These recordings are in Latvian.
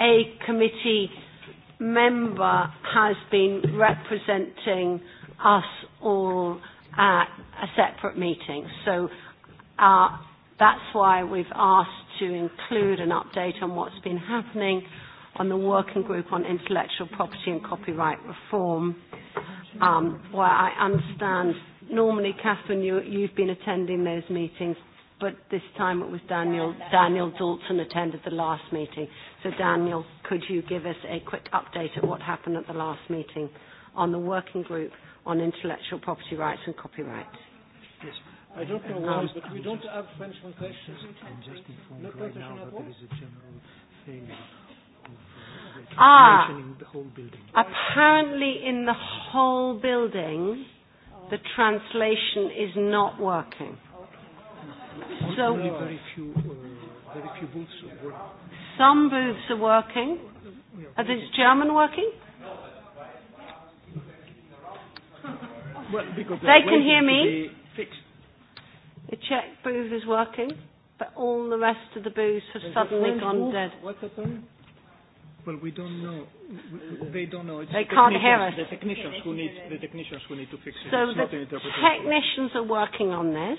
a committee member has been representing us all at a separate meeting. So uh, that's why we've asked to include an update on what's been happening on the working group on intellectual property and copyright reform, um, where I understand normally, Catherine, you, you've been attending those meetings but this time it was Daniel. Daniel Dalton attended the last meeting. So Daniel, could you give us a quick update of what happened at the last meeting on the working group on intellectual property rights and copyright? Yes. I don't know why, um, but we don't have French translations. I'm just informed no right now that there is a general failure of uh, ah, in the whole building. Apparently in the whole building, the translation is not working. So only very few, uh, very few booths are working. Some booths are working. Are this German working? Well, because they can hear me. Fixed. The Czech booth is working, but all the rest of the booths have There's suddenly gone booth? dead. What happened? Well, we don't know. They don't know. It's they the can't hear us. The technicians who need the technicians who need to fix it. So it's the not an interpretation. technicians are working on this.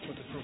for the program.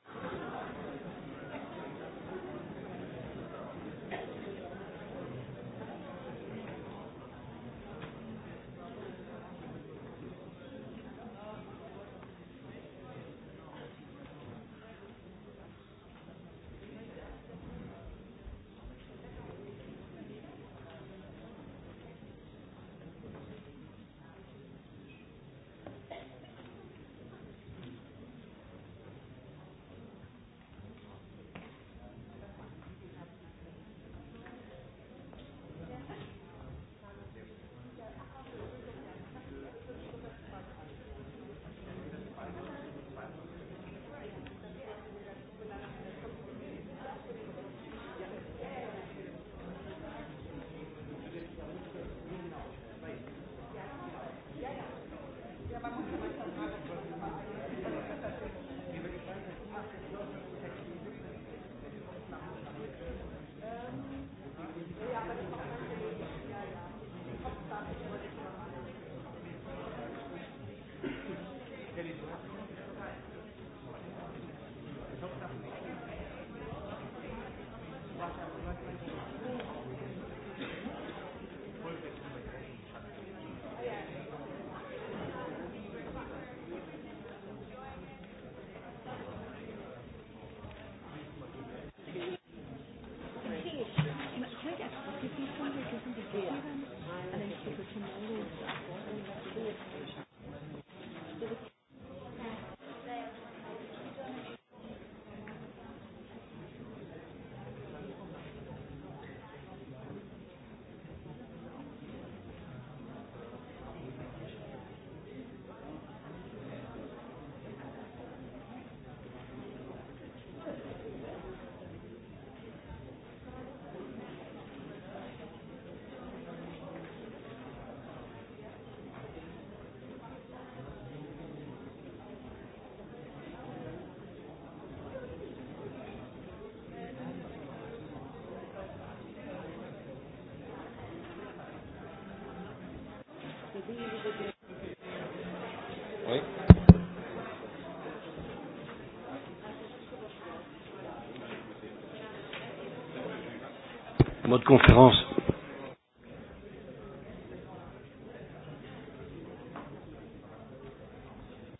mode conférence.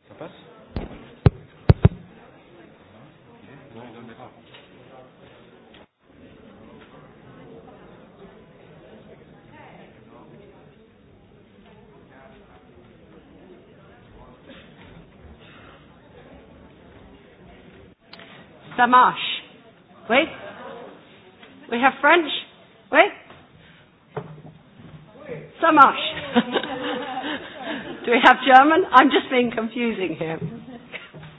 Ça passe non, non, non, pas. Ça marche. Oui. We have French. so much. Do we have German? I'm just being confusing here.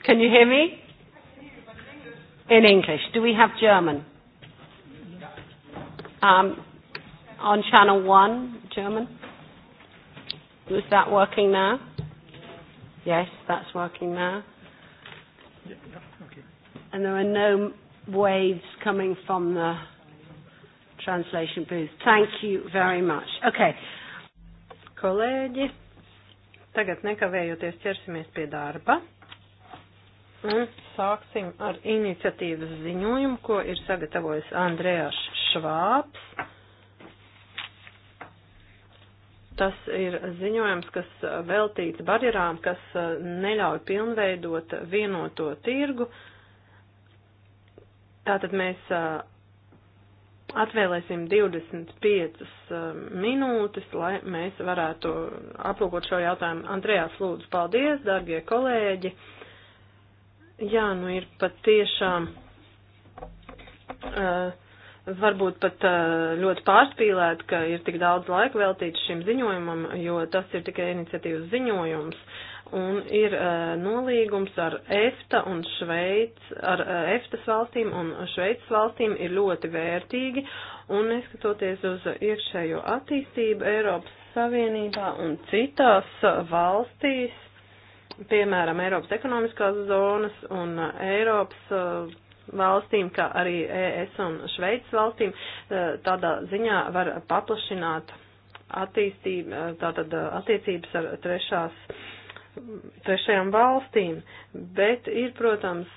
Can you hear me? In English. Do we have German? Um, on channel one, German. Is that working now? Yes, that's working now. Yeah, okay. And there are no waves coming from the translation booth. Thank you very much. Okay, kolēģi, tagad nekavējoties ķersimies pie darba un sāksim ar iniciatīvas ziņojumu, ko ir sagatavojis Andrējas Švāps. Tas ir ziņojums, kas veltīts barjerām, kas uh, neļauj pilnveidot vienoto tirgu. Tātad mēs uh, Atvēlēsim 25 um, minūtes, lai mēs varētu aplūkot šo jautājumu. Andrejās lūdzu, paldies, darbie kolēģi. Jā, nu ir pat tiešām. Uh, varbūt pat uh, ļoti pārspīlēt, ka ir tik daudz laika veltīts šim ziņojumam, jo tas ir tikai iniciatīvas ziņojums un ir uh, nolīgums ar EFTA un Šveic, ar uh, EFTAs valstīm un Šveicas valstīm ir ļoti vērtīgi, un neskatoties uz iekšējo attīstību Eiropas Savienībā un citās uh, valstīs, piemēram, Eiropas ekonomiskās zonas un uh, Eiropas uh, valstīm, kā arī ES un Šveicas valstīm, uh, tādā ziņā var paplašināt attīstību, tātad attiecības ar trešās trešajām valstīm, bet ir, protams,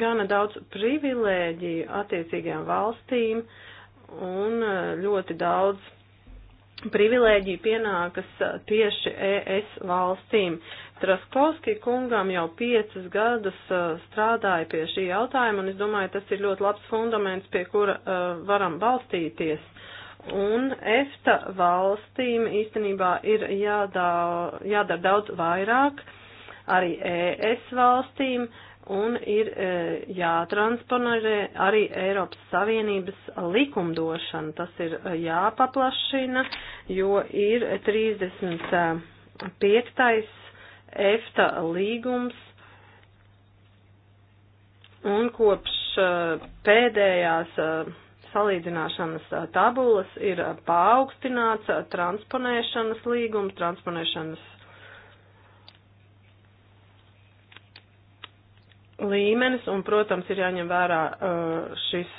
gana daudz privilēģiju attiecīgajām valstīm un e, ļoti daudz privilēģiju pienākas e, tieši ES valstīm. Traskovski kungam jau piecas gadus e, strādāja pie šī jautājuma, un es domāju, tas ir ļoti labs fundaments, pie kura varam balstīties. Un EFTA valstīm īstenībā ir jādā, jādara daudz vairāk, arī ES valstīm, un ir e, jātransponē arī Eiropas Savienības likumdošana. Tas ir e, jāpaplašina, jo ir 35. EFTA līgums, un kopš e, pēdējās e, salīdzināšanas tabulas ir paaugstināts transponēšanas līgums, transponēšanas līmenis, un, protams, ir jāņem vērā šis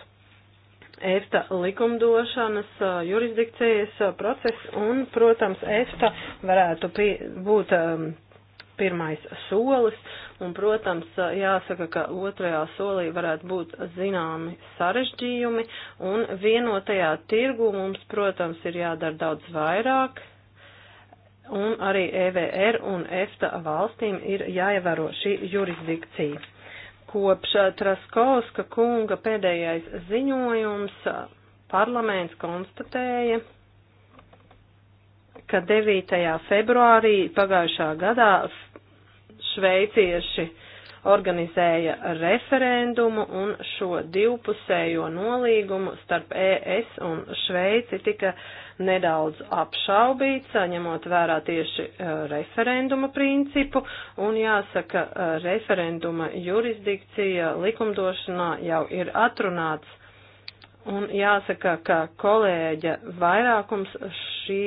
EFTA likumdošanas jurisdikcijas process, un, protams, EFTA varētu pie, būt pirmais solis, Un, protams, jāsaka, ka otrajā solī varētu būt zināmi sarežģījumi, un vienotajā tirgu mums, protams, ir jādara daudz vairāk, un arī EVR un EFTA valstīm ir jāievēro šī jurisdikcija. Kopš Traskovska kunga pēdējais ziņojums parlaments konstatēja, ka 9. februārī pagājušā gadā šveicieši organizēja referendumu un šo divpusējo nolīgumu starp ES un Šveici tika nedaudz apšaubīts, ņemot vērā tieši e, referenduma principu, un jāsaka, e, referenduma jurisdikcija likumdošanā jau ir atrunāts. Un jāsaka, ka kolēģa vairākums šī,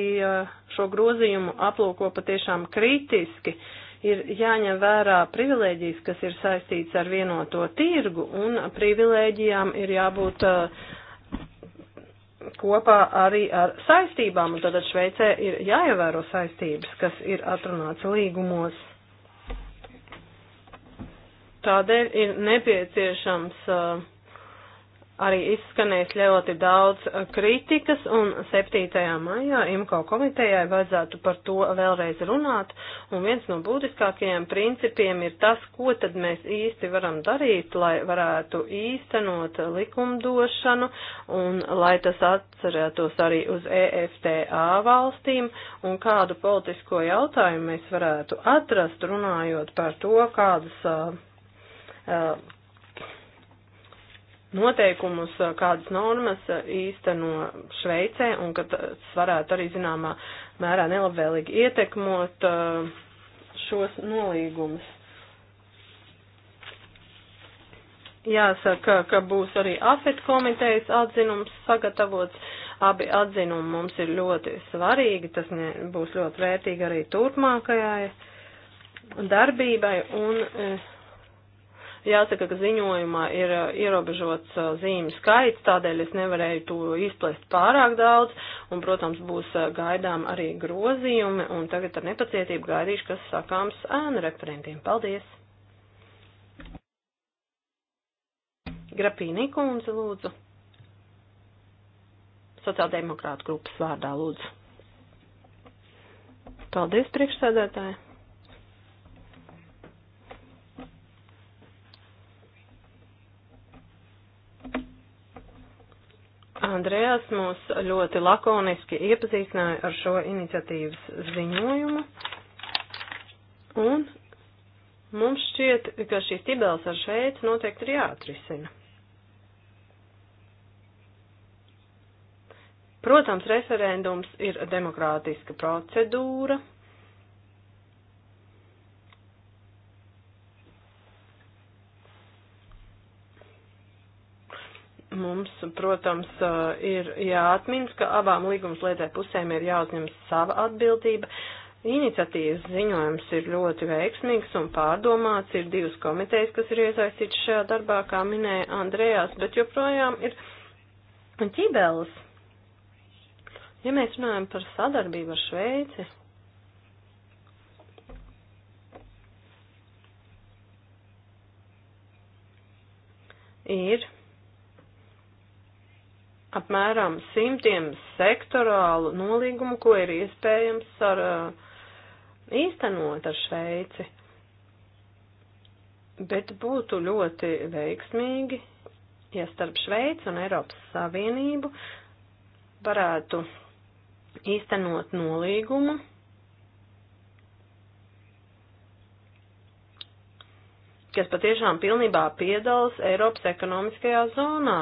šo grozījumu aplūko patiešām kritiski. Uh, ir jāņem vērā privilēģijas, kas ir saistīts ar vienoto tirgu, un privilēģijām ir jābūt uh, kopā arī ar saistībām, un tad Šveicē ir jāievēro saistības, kas ir atrunāts līgumos. Tādēļ ir nepieciešams uh, arī izskanēs ļoti daudz uh, kritikas, un 7. maijā IMCO komitejai vajadzētu par to vēlreiz runāt, un viens no būtiskākajiem principiem ir tas, ko tad mēs īsti varam darīt, lai varētu īstenot likumdošanu, un lai tas atcerētos arī uz EFTA valstīm, un kādu politisko jautājumu mēs varētu atrast, runājot par to, kādas uh, uh noteikumus, kādas normas īsteno Šveicē, un ka tas varētu arī zināmā mērā nelabvēlīgi ietekmot šos nolīgumus. Jāsaka, ka būs arī AFET komitejas atzinums sagatavots. Abi atzinumi mums ir ļoti svarīgi, tas būs ļoti vērtīgi arī turpmākajai darbībai, un Jāsaka, ka ziņojumā ir uh, ierobežots uh, zīmju skaits, tādēļ es nevarēju to izplest pārāk daudz, un, protams, būs uh, gaidām arī grozījumi, un tagad ar nepacietību gaidīšu, kas sakāms ēnu referentiem. Paldies! Grapīnī kundze, lūdzu. Sociāldemokrāta grupas vārdā, lūdzu. Paldies, priekšsēdētāji! Andrējas mūs ļoti lakoniski iepazīstināja ar šo iniciatīvas ziņojumu. Un mums šķiet, ka šīs tibels ar šeit noteikti ir jāatrisina. Protams, referendums ir demokrātiska procedūra. Mums, protams, ir jāatminas, ka abām līgumsliedzē pusēm ir jāuzņem sava atbildība. Iniciatīvas ziņojums ir ļoti veiksmīgs un pārdomāts. Ir divas komitejas, kas ir iesaistītas šajā darbā, kā minēja Andrejās, bet joprojām ir ķibeles. Ja mēs runājam par sadarbību ar Šveici, ir apmēram simtiem sektorālu nolīgumu, ko ir iespējams ar, uh, īstenot ar Šveici. Bet būtu ļoti veiksmīgi, ja starp Šveici un Eiropas Savienību varētu īstenot nolīgumu, kas patiešām pilnībā piedalās Eiropas ekonomiskajā zonā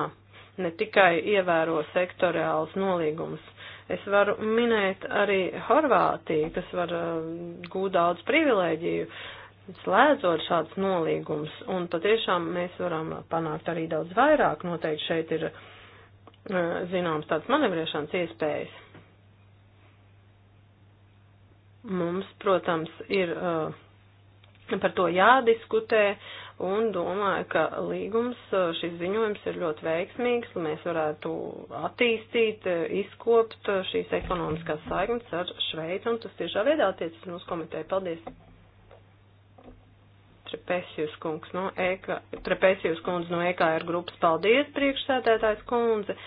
ne tikai ievēro sektoriāls nolīgums. Es varu minēt arī Horvātiju, kas var uh, gūt daudz privilēģiju, slēdzot šāds nolīgums, un patiešām mēs varam panākt arī daudz vairāk, noteikti šeit ir uh, zināms tāds manevriešanas iespējas. Mums, protams, ir uh, par to jādiskutē, uh, un domāju, ka līgums, eh, šis ziņojums ir ļoti veiksmīgs, lai mēs varētu attīstīt, eh, izkopt eh, šīs ekonomiskās saiknes ar Šveici, un tas tiešā veidā attiecas mūsu komiteju. Paldies! Trepesijus kungs no EK, Trepesijus kundze no EKR grupas. Paldies, priekšsēdētājs kundze!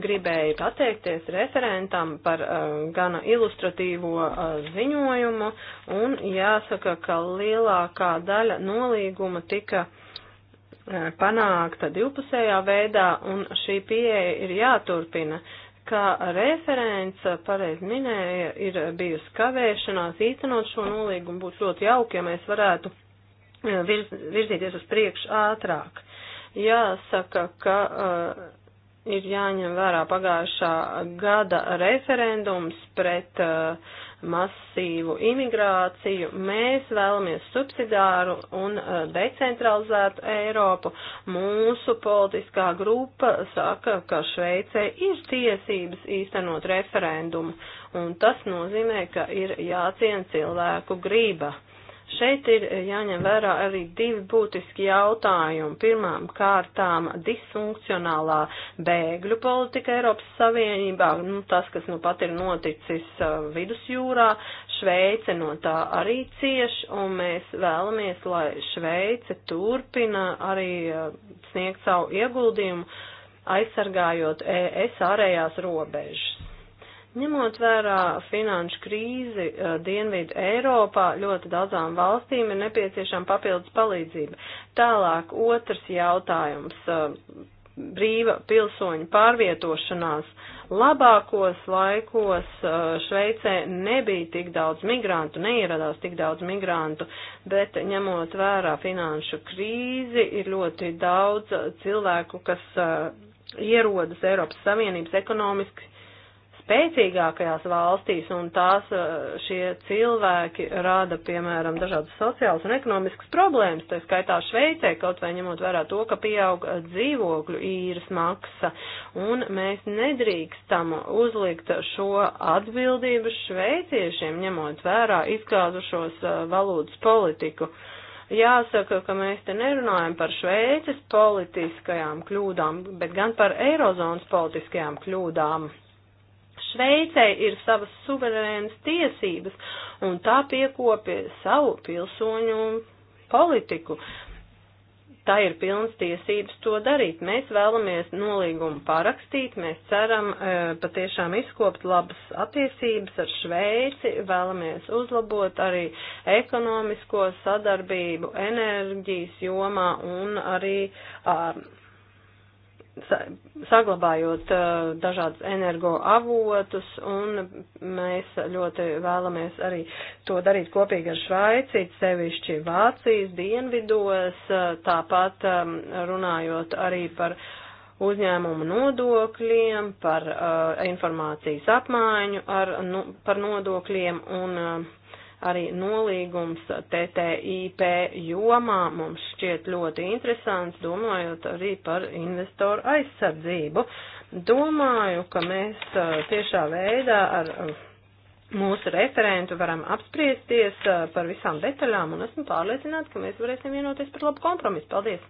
gribēju pateikties referentam par uh, gana ilustratīvo uh, ziņojumu, un jāsaka, ka lielākā daļa nolīguma tika uh, panākta divpusējā veidā, un šī pieeja ir jāturpina. Kā referents uh, pareizi minēja, ir bijusi kavēšanās īstenot šo nolīgumu, būtu ļoti jauki, ja mēs varētu uh, virz, virzīties uz priekšu ātrāk. Jāsaka, ka uh, ir jāņem vērā pagājušā gada referendums pret uh, masīvu imigrāciju. Mēs vēlamies subsidāru un uh, decentralizētu Eiropu. Mūsu politiskā grupa saka, ka Šveicē ir tiesības īstenot referendumu, un tas nozīmē, ka ir jāciena cilvēku grība. Šeit ir jāņem vērā arī divi būtiski jautājumi. Pirmām kārtām disfunkcionālā bēgļu politika Eiropas Savienībā, nu, tas, kas nu pat ir noticis uh, vidusjūrā, Šveice no tā arī cieš, un mēs vēlamies, lai Šveice turpina arī uh, sniegt savu ieguldījumu aizsargājot ES ārējās robežas. Ņemot vērā finanšu krīzi eh, Dienvidu Eiropā, ļoti daudzām valstīm ir nepieciešama papildus palīdzība. Tālāk otrs jautājums eh, - brīva pilsoņu pārvietošanās. Labākos laikos eh, Šveicē nebija tik daudz migrantu, neieradās tik daudz migrantu, bet ņemot vērā finanšu krīzi, ir ļoti daudz cilvēku, kas ierodas Eiropas Savienības ekonomiski spēcīgākajās valstīs, un tās eh, šie cilvēki rada, piemēram, dažādas sociālas un ekonomiskas problēmas, tā skaitā Šveicē, kaut vai ņemot vērā to, ka pieaug eh, dzīvokļu īres maksa, un mēs nedrīkstam uzlikt šo atbildību šveiciešiem, ņemot vērā izgāzušos eh, valūtas politiku. Jāsaka, ka mēs te nerunājam par Šveices politiskajām kļūdām, bet gan par Eirozonas politiskajām kļūdām. Šveicē ir savas suverēnas tiesības, un tā piekopja savu pilsoņu politiku. Tā ir pilns tiesības to darīt. Mēs vēlamies nolīgumu parakstīt, mēs ceram e, patiešām izkopt labas attiecības ar Šveici, vēlamies uzlabot arī ekonomisko sadarbību enerģijas jomā un arī. E, saglabājot uh, dažādus energoavotus, un mēs ļoti vēlamies arī to darīt kopīgi ar Šveici, sevišķi Vācijas dienvidos, uh, tāpat um, runājot arī par uzņēmumu nodokļiem, par uh, informācijas apmaiņu ar, nu, par nodokļiem un uh, arī nolīgums TTIP jomā mums šķiet ļoti interesants, domājot arī par investoru aizsardzību. Domāju, ka mēs tiešā veidā ar mūsu referentu varam apspriesties par visām detaļām, un esmu pārliecināts, ka mēs varēsim vienoties par labu kompromisu. Paldies!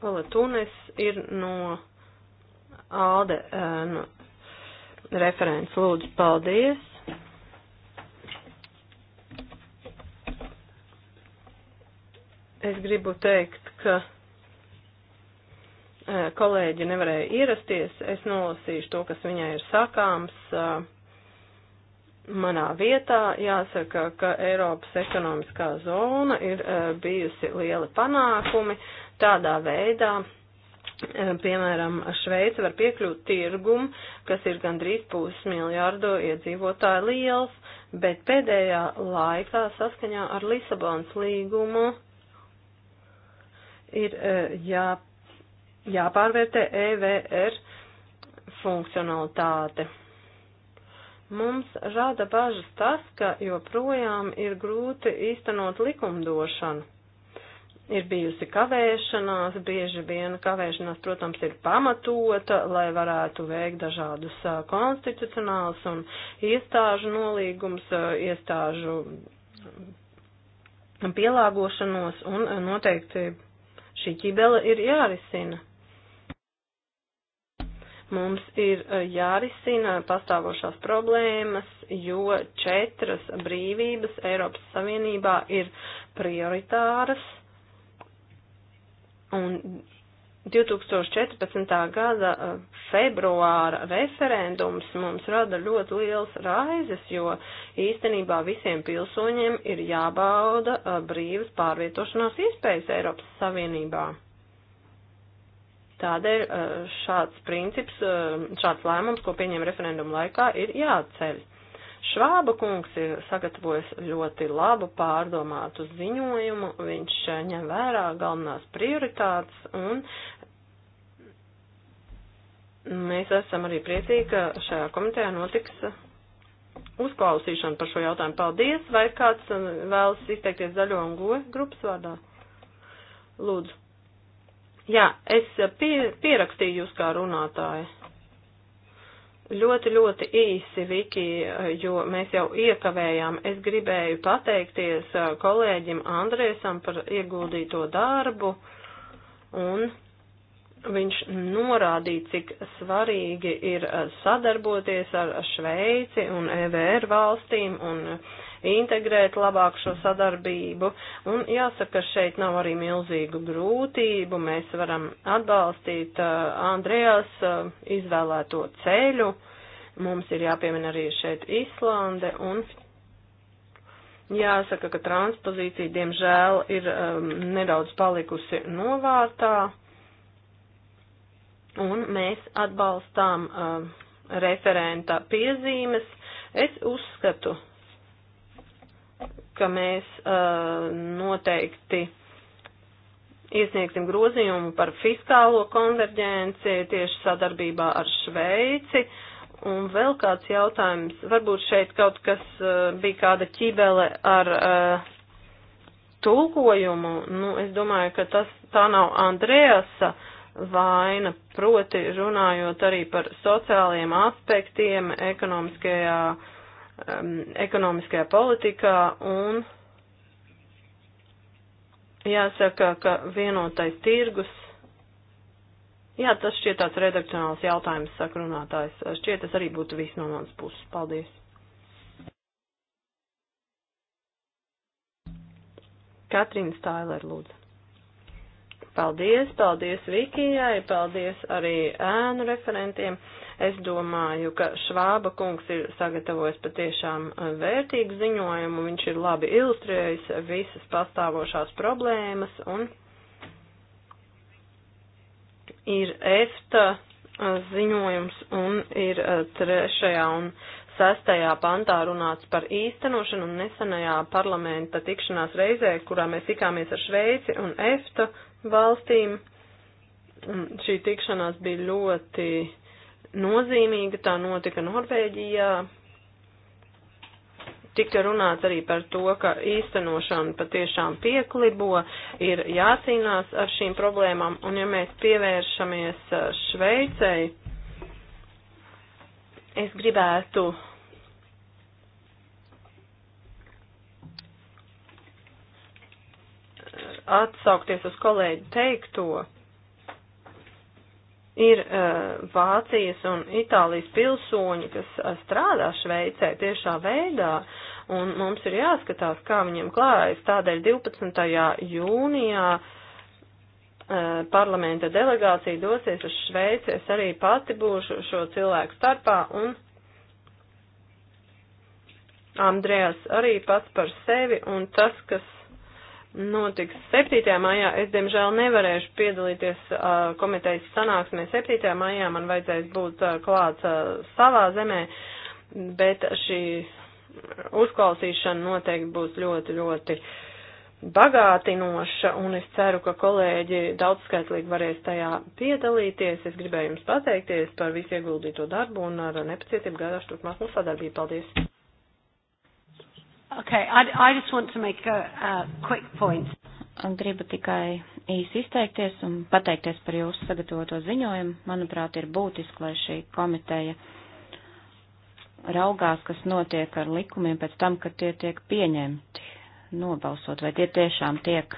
Ola Tunes ir no ALDE no Referents lūdzu, paldies. Es gribu teikt, ka e, kolēģi nevarēja ierasties. Es nolasīšu to, kas viņai ir sakāms e, manā vietā. Jāsaka, ka Eiropas ekonomiskā zona ir e, bijusi lieli panākumi tādā veidā, Ehm, piemēram, Šveica var piekļūt tirgumu, kas ir gandrīz pus miljārdu iedzīvotāju liels, bet pēdējā laikā saskaņā ar Lisabonas līgumu ir eh, jā, jāpārvērtē EVR funkcionalitāte. Mums rada bažas tas, ka joprojām ir grūti īstenot likumdošanu ir bijusi kavēšanās, bieži vien kavēšanās, protams, ir pamatota, lai varētu veikt dažādus konstitucionālus un iestāžu nolīgums, iestāžu pielāgošanos, un noteikti šī ķibele ir jārisina. Mums ir jārisina pastāvošās problēmas, jo četras brīvības Eiropas Savienībā ir prioritāras Un 2014. gada e, februāra referendums mums rada ļoti liels raizes, jo īstenībā visiem pilsoņiem ir jābauda e, brīvas pārvietošanās iespējas Eiropas Savienībā. Tādēļ e, šāds princips, šāds lēmums, ko pieņem referendumu laikā, ir jāatceļ. Švāba kungs ir sagatavojis ļoti labu pārdomātu ziņojumu, viņš eh, ņem vērā galvenās prioritātes un mēs esam arī priecīgi, ka šajā komitejā notiks eh, uzklausīšana par šo jautājumu. Paldies, vai kāds eh, vēlas izteikties zaļo un goja grupas vārdā? Lūdzu. Jā, es pie, pierakstīju jūs kā runātāju. Ļoti, ļoti īsi, Viki, jo mēs jau iekavējām. Es gribēju pateikties uh, kolēģim Andrēsam par ieguldīto darbu, un viņš norādīja, cik svarīgi ir uh, sadarboties ar Šveici un EVR valstīm, un uh, integrēt labāk šo sadarbību. Un jāsaka, šeit nav arī milzīgu grūtību. Mēs varam atbalstīt uh, Andrejas uh, izvēlēto ceļu. Mums ir jāpiemina arī šeit Islande un Jāsaka, ka transpozīcija, diemžēl, ir um, nedaudz palikusi novārtā, un mēs atbalstām um, referenta piezīmes. Es uzskatu, ka mēs uh, noteikti iesniegsim grozījumu par fiskālo konverģenci tieši sadarbībā ar Šveici. Un vēl kāds jautājums, varbūt šeit kaut kas uh, bija kāda ķībele ar uh, tulkojumu, nu, es domāju, ka tas tā nav Andrēsa vaina, proti runājot arī par sociālajiem aspektiem ekonomiskajā uh, um, ekonomiskajā politikā un jāsaka, ka vienotais tirgus, jā, tas šķiet tāds redakcionāls jautājums, saka runātājs, šķiet tas arī būtu viss no manas puses. Paldies. Katrīna Stailer, lūdzu. Paldies, paldies Vikijai, paldies arī ēnu referentiem. Es domāju, ka Švāba kungs ir sagatavojis patiešām e, vērtīgu ziņojumu, viņš ir labi ilustrējis visas pastāvošās problēmas un ir EFTA e, ziņojums un ir e, trešajā un sestajā pantā runāts par īstenošanu un nesenajā parlamenta tikšanās reizē, kurā mēs tikāmies ar Šveici un EFTA valstīm. Šī tikšanās bija ļoti uh, nozīmīga, tā notika Norvēģijā. Tika runāts arī par to, ka īstenošana patiešām pieklibo, ir jācīnās ar šīm problēmām, un ja mēs pievēršamies uh, Šveicei, es gribētu atsaukties uz kolēģi teikto, ir uh, Vācijas un Itālijas pilsoņi, kas uh, strādā Šveicē tiešā veidā, un mums ir jāskatās, kā viņiem klājas. Tādēļ 12. jūnijā uh, parlamenta delegācija dosies uz Šveici, es arī pati būšu šo cilvēku starpā, un Andrējas arī pats par sevi, un tas, kas notiks 7. maijā. Es, diemžēl, nevarēšu piedalīties uh, komitejas sanāksmē 7. maijā. Man vajadzēs būt uh, klāt uh, savā zemē, bet šī uzklausīšana noteikti būs ļoti, ļoti bagātinoša, un es ceru, ka kolēģi daudzskaitlīgi varēs tajā piedalīties. Es gribēju jums pateikties par visu ieguldīto darbu un ar nepacietību gādāšu turpmāk mūsu sadarbību. Paldies! Okay, I, I just want to make a, a quick point. Gribu tikai īsi izteikties un pateikties par jūsu sagatavoto ziņojumu. Manuprāt, ir būtiski, lai šī komiteja raugās, kas notiek ar likumiem pēc tam, kad tie tiek pieņemti, nobalsot, vai tie tiešām tiek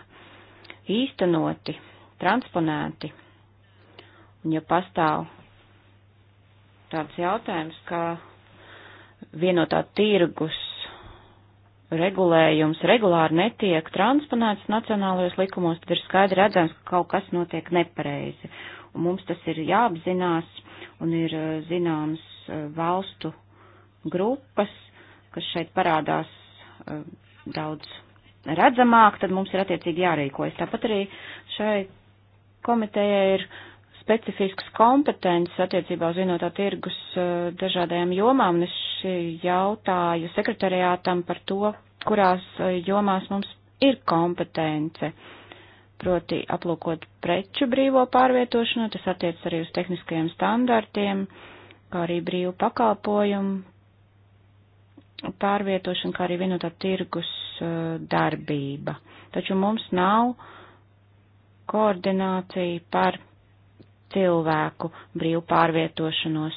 īstenoti, transponēti. Un ja pastāv tāds jautājums, ka vienotā tirgus regulējums regulāri netiek transponēts nacionālajos likumos, tad ir skaidri redzams, ka kaut kas notiek nepareizi. Un mums tas ir jāapzinās un ir eh, zināms eh, valstu grupas, kas šeit parādās eh, daudz redzamāk, tad mums ir attiecīgi jārīkojas. Tāpat arī šai komitejai ir uh, specifiskas kompetences attiecībā uz vienotā tirgus eh, dažādajām jomām, un es jautāju sekretariātam par to, kurās eh, jomās mums ir kompetence. Proti aplūkot preču brīvo pārvietošanu, tas attiec arī uz tehniskajiem standartiem, kā arī brīvu pakalpojumu pārvietošanu, kā arī vienotā tirgus eh, darbība. Taču mums nav koordinācija par cilvēku brīvu pārvietošanos.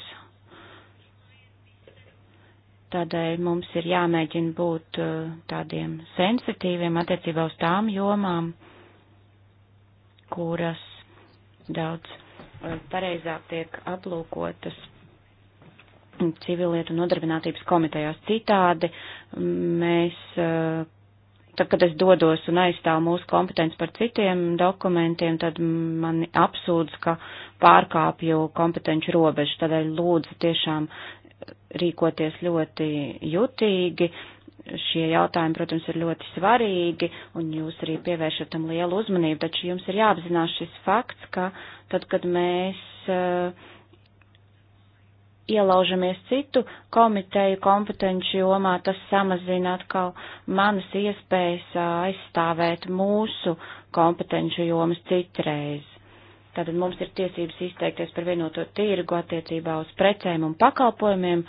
Tādēļ mums ir jāmēģina būt uh, tādiem sensitīviem attiecībā uz tām jomām, kuras daudz uh, pareizāk tiek aplūkotas civilietu nodarbinātības komitejās. Citādi mēs, uh, tad, kad es dodos un aizstāvu mūsu kompetenci par citiem dokumentiem, tad mani apsūdz, ka pārkāpju kompetenci robežu. Tādēļ lūdzu tiešām rīkoties ļoti jutīgi. Šie jautājumi, protams, ir ļoti svarīgi, un jūs arī pievēršat tam lielu uzmanību, taču jums ir jāapzinās šis fakts, ka tad, kad mēs uh, ielaužamies citu komiteju kompetenci jomā, tas samazina atkal manas iespējas eh, aizstāvēt mūsu kompetenci jomas citreiz. Tātad mums ir tiesības izteikties par vienoto tirgu attiecībā uz precēm un pakalpojumiem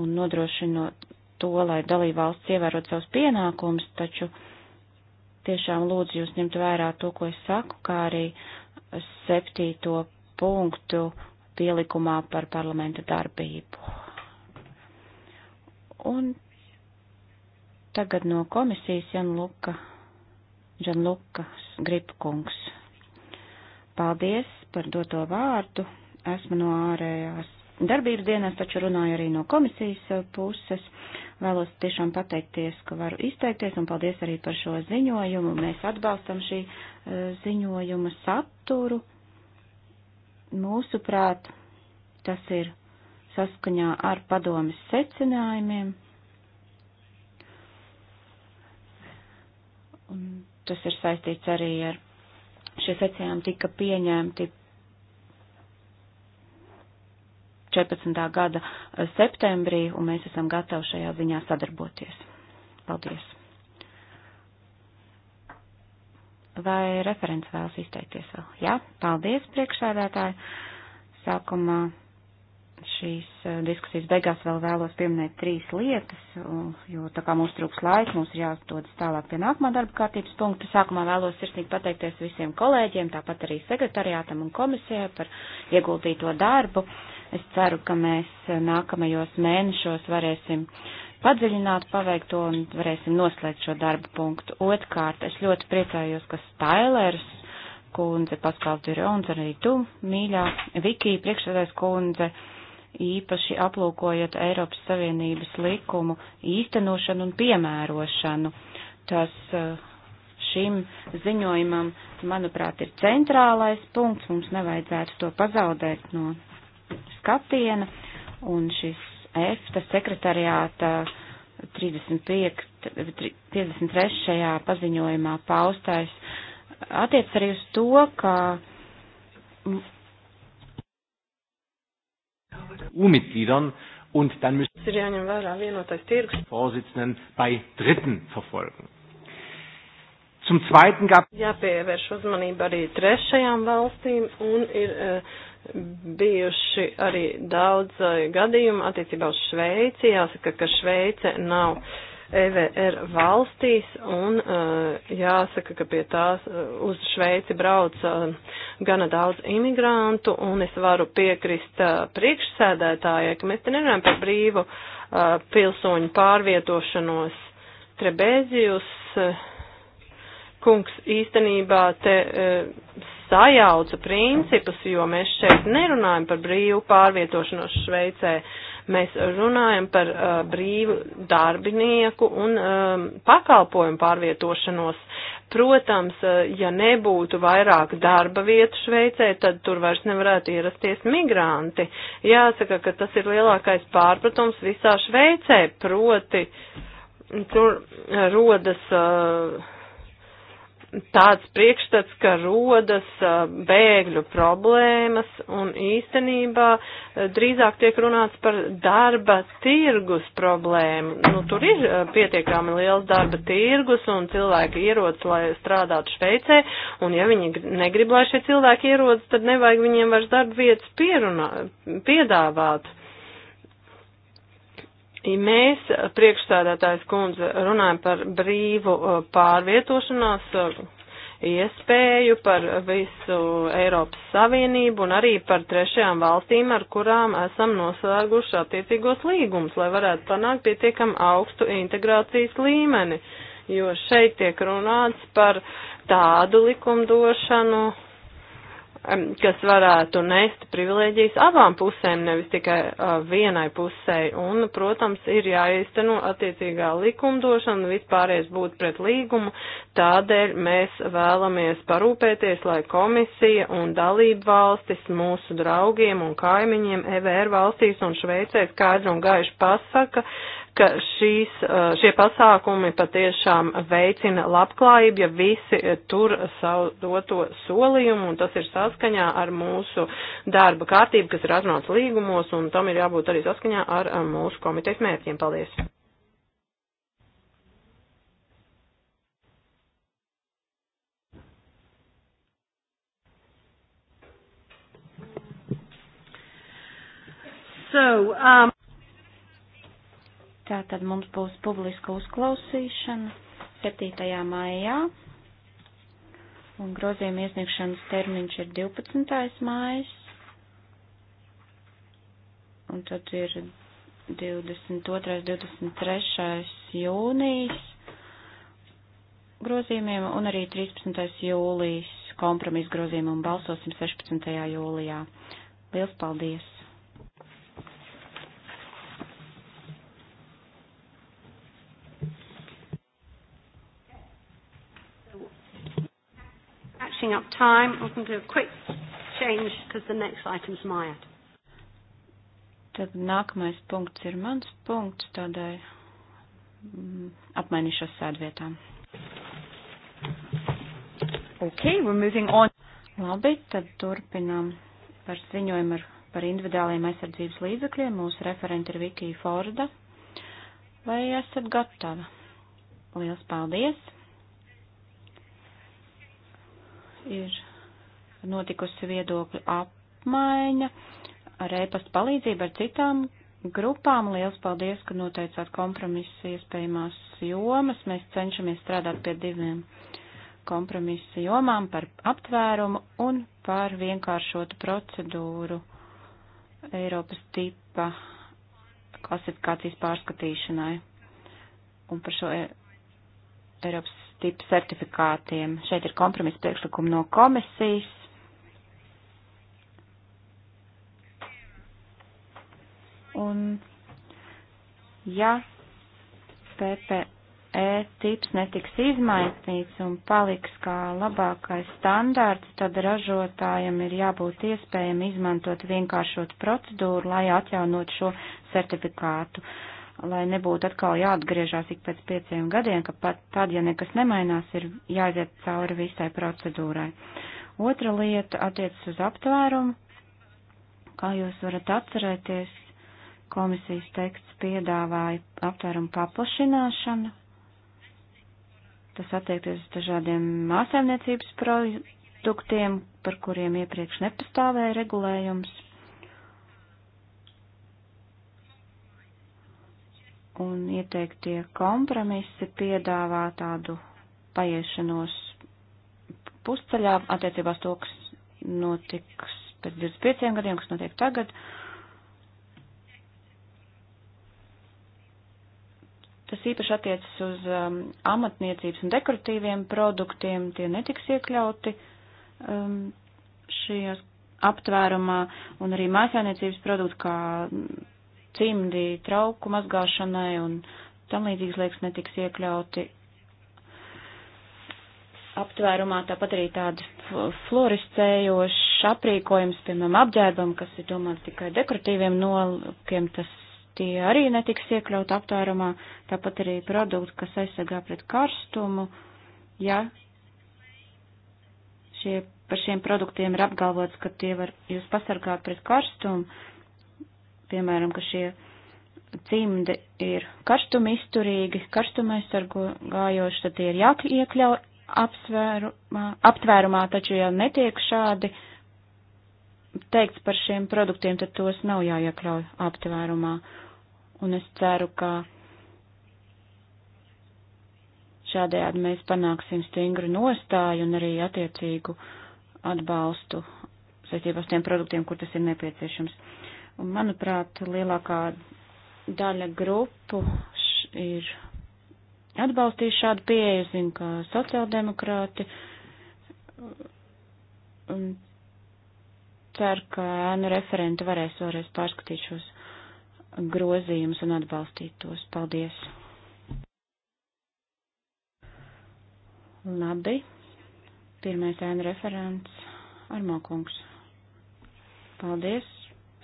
un nodrošinot to, lai dalībvalsts ievērot savus pienākumus, taču tiešām lūdzu jūs ņemt vērā to, ko es saku, kā arī septīto punktu pielikumā par parlamenta darbību. Un tagad no komisijas Janluka, Janlukas Gripkungs. Paldies par doto vārdu. Esmu no ārējās darbības dienas, taču runāju arī no komisijas eh, puses. Vēlos tiešām pateikties, ka varu izteikties un paldies arī par šo ziņojumu. Mēs atbalstam šī eh, ziņojuma saturu. Mūsuprāt, tas ir saskaņā ar padomis secinājumiem. Un tas ir saistīts arī ar Šie secinājumi tika pieņemti 14. gada septembrī, un mēs esam gatavi šajā ziņā sadarboties. Paldies! Vai referents vēlas izteikties vēl? Jā, paldies priekšsēdētāji. Sākumā šīs eh, diskusijas beigās vēl vēlos pieminēt trīs lietas, jo tā kā mums trūks laiks, mums ir jāatrodas tālāk pie nākamā darba kārtības punkta. Sākumā vēlos sirsnīgi pateikties visiem kolēģiem, tāpat arī sekretariātam un komisijai par ieguldīto darbu. Es ceru, ka mēs eh, nākamajos mēnešos varēsim padziļināt paveikto un varēsim noslēgt šo darbu punktu. Otkārt, es ļoti priecājos, ka Stailers kundze, Paskals Dürons, arī tu, mīļā Viki, priekšsēdājs kundze, uh, īpaši aplūkojot Eiropas Savienības likumu īstenošanu un piemērošanu. Tas eh, šim ziņojumam, manuprāt, ir centrālais punkts, mums nevajadzētu to pazaudēt no skatiena, un šis EFTA sekretariāta 35, 53. paziņojumā paustais attiec arī uz to, ka EU-Mitgliedern und dann müssen Sie Vorsitzenden bei Dritten verfolgen. Zum Zweiten gab es. Jāpievērš uzmanība arī trešajām valstīm un ir uh, bijuši arī daudz uh, gadījumu attiecībā uz Šveici. Jāsaka, ka Šveice nav uh, EVR valstīs, un uh, jāsaka, ka pie tās uh, uz Šveici brauc uh, gana daudz imigrantu, un es varu piekrist uh, priekšsēdētājai, ka mēs te nerunājam par brīvu uh, pilsoņu pārvietošanos. Trebēzijus uh, kungs īstenībā te uh, sajauca principus, jo mēs šeit nerunājam par brīvu pārvietošanos Šveicē. Uh, Mēs runājam par uh, brīvu darbinieku un um, pakalpojumu pārvietošanos. Protams, uh, ja nebūtu vairāk darba vietu Šveicē, tad tur vairs nevarētu ierasties migranti. Jāsaka, ka tas ir lielākais pārpratums visā Šveicē, proti tur rodas. Uh, tāds priekšstats, ka rodas bēgļu problēmas un īstenībā drīzāk tiek runāts par darba tirgus problēmu. Nu, tur ir pietiekami liels darba tirgus un cilvēki ierodas, lai strādātu Šveicē, un ja viņi negrib, lai šie cilvēki ierodas, tad nevajag viņiem vairs darba vietas pierunā, piedāvāt. Ja mēs, priekšstādātājs kundze, runājam par brīvu uh, pārvietošanās uh, iespēju, par visu Eiropas Savienību un arī par trešajām valstīm, ar kurām esam noslēguši attiecīgos līgumus, lai varētu panākt pietiekam augstu integrācijas līmeni, jo šeit tiek runāts par tādu likumdošanu, Um, kas varētu nest privilēģijas abām pusēm, nevis tikai uh, vienai pusē. Un, protams, ir jāizteno attiecīgā likumdošana, vispārējais būt pret līgumu. Tādēļ mēs vēlamies parūpēties, lai komisija un dalību valstis mūsu draugiem un kaimiņiem EVR valstīs un Šveicē skaidri un gaiši pasaka, uh, ka šīs, uh, šie pasākumi patiešām veicina labklājību, ja visi uh, tur savu doto solījumu, un tas ir saskaņā ar mūsu darba kārtību, kas ir atrunāts līgumos, un tam ir jābūt arī saskaņā ar uh, mūsu komitejas mērķiem. Paldies! So, um... Tātad mums būs publiska uzklausīšana 7. maijā, un grozījuma iesniegšanas termiņš ir 12. mājas, un tad ir 22. 23. jūnijas grozījumiem, un arī 13. jūlijas kompromisu grozījumu, un balsosim 16. jūlijā. Liels paldies! eating up time. We can do a quick change because the next item's my ad. Tad nākamais punkts ir mans punkts, tādēļ mm, apmainīšos sēdvietām. Okay, we're moving on. Labi, tad turpinām par ziņojumu ar, par individuāliem aizsardzības līdzakļiem. Mūsu referenti ir Vikija Forda. Vai esat gatava? Liels paldies! ir notikusi viedokļu apmaiņa ar ēpastu palīdzību ar citām grupām. Liels paldies, ka noteicāt kompromisu iespējamās jomas. Mēs cenšamies strādāt pie diviem kompromisu jomām par aptvērumu un par vienkāršotu procedūru Eiropas tipa klasifikācijas pārskatīšanai un par šo e- Eiropas tipu certifikātiem. Šeit ir kompromiss priekšlikumi no komisijas. Un ja PPE tips netiks izmainīts un paliks kā labākais standārts, tad ražotājiem ir jābūt iespējami izmantot vienkāršot procedūru, lai atjaunot šo certifikātu. Uh, lai nebūtu atkal jāatgriežās ik pēc pieciem gadiem, ka pat tad, ja nekas nemainās, ir jāiet cauri visai procedūrai. Otra lieta attiecas uz aptvērumu. Kā jūs varat atcerēties, komisijas teksts piedāvāja aptvērumu paplašināšanu. Tas attiekties uz dažādiem māsēmniecības produktiem, par kuriem iepriekš nepastāvēja regulējums un ieteiktie kompromisi piedāvā tādu paiešanos pusceļā attiecībās to, kas notiks pēc 25 gadiem, kas notiek tagad. Tas īpaši attiecas uz um, amatniecības un dekoratīviem produktiem, tie netiks iekļauti um, šajos aptvērumā, un arī mājasēniecības produktu, kā cimdi trauku mazgāšanai un tam līdzīgas liekas netiks iekļauti aptvērumā. Tāpat arī tādi floriscējoši aprīkojums, piemēram, apģērbam, kas ir domāts tikai dekoratīviem nolūkiem, tas tie arī netiks iekļaut aptvērumā. Tāpat arī produkti, kas aizsargā pret karstumu, ja šie, par šiem produktiem ir apgalvots, ka tie var jūs pasargāt pret karstumu, piemēram, ka šie cimdi ir karstuma izturīgi, karstuma aizsargājoši, tad tie ir jāiekļauj apsvērumā, aptvērumā, taču ja netiek šādi teikts par šiem produktiem, tad tos nav jāiekļauj aptvērumā. Un es ceru, ka šādējādi mēs panāksim stingru nostāju un arī attiecīgu atbalstu saistībā ar tiem produktiem, kur tas ir nepieciešams. Un, manuprāt, lielākā daļa grupu ir atbalstījuši šādu pieeju, zinu, kā sociāldemokrāti. Un ceru, ka ēnu referenti varēs vēlreiz pārskatīt šos grozījumus un atbalstīt tos. Paldies! Labi. Pirmais ēnu referents Armākungs. Paldies!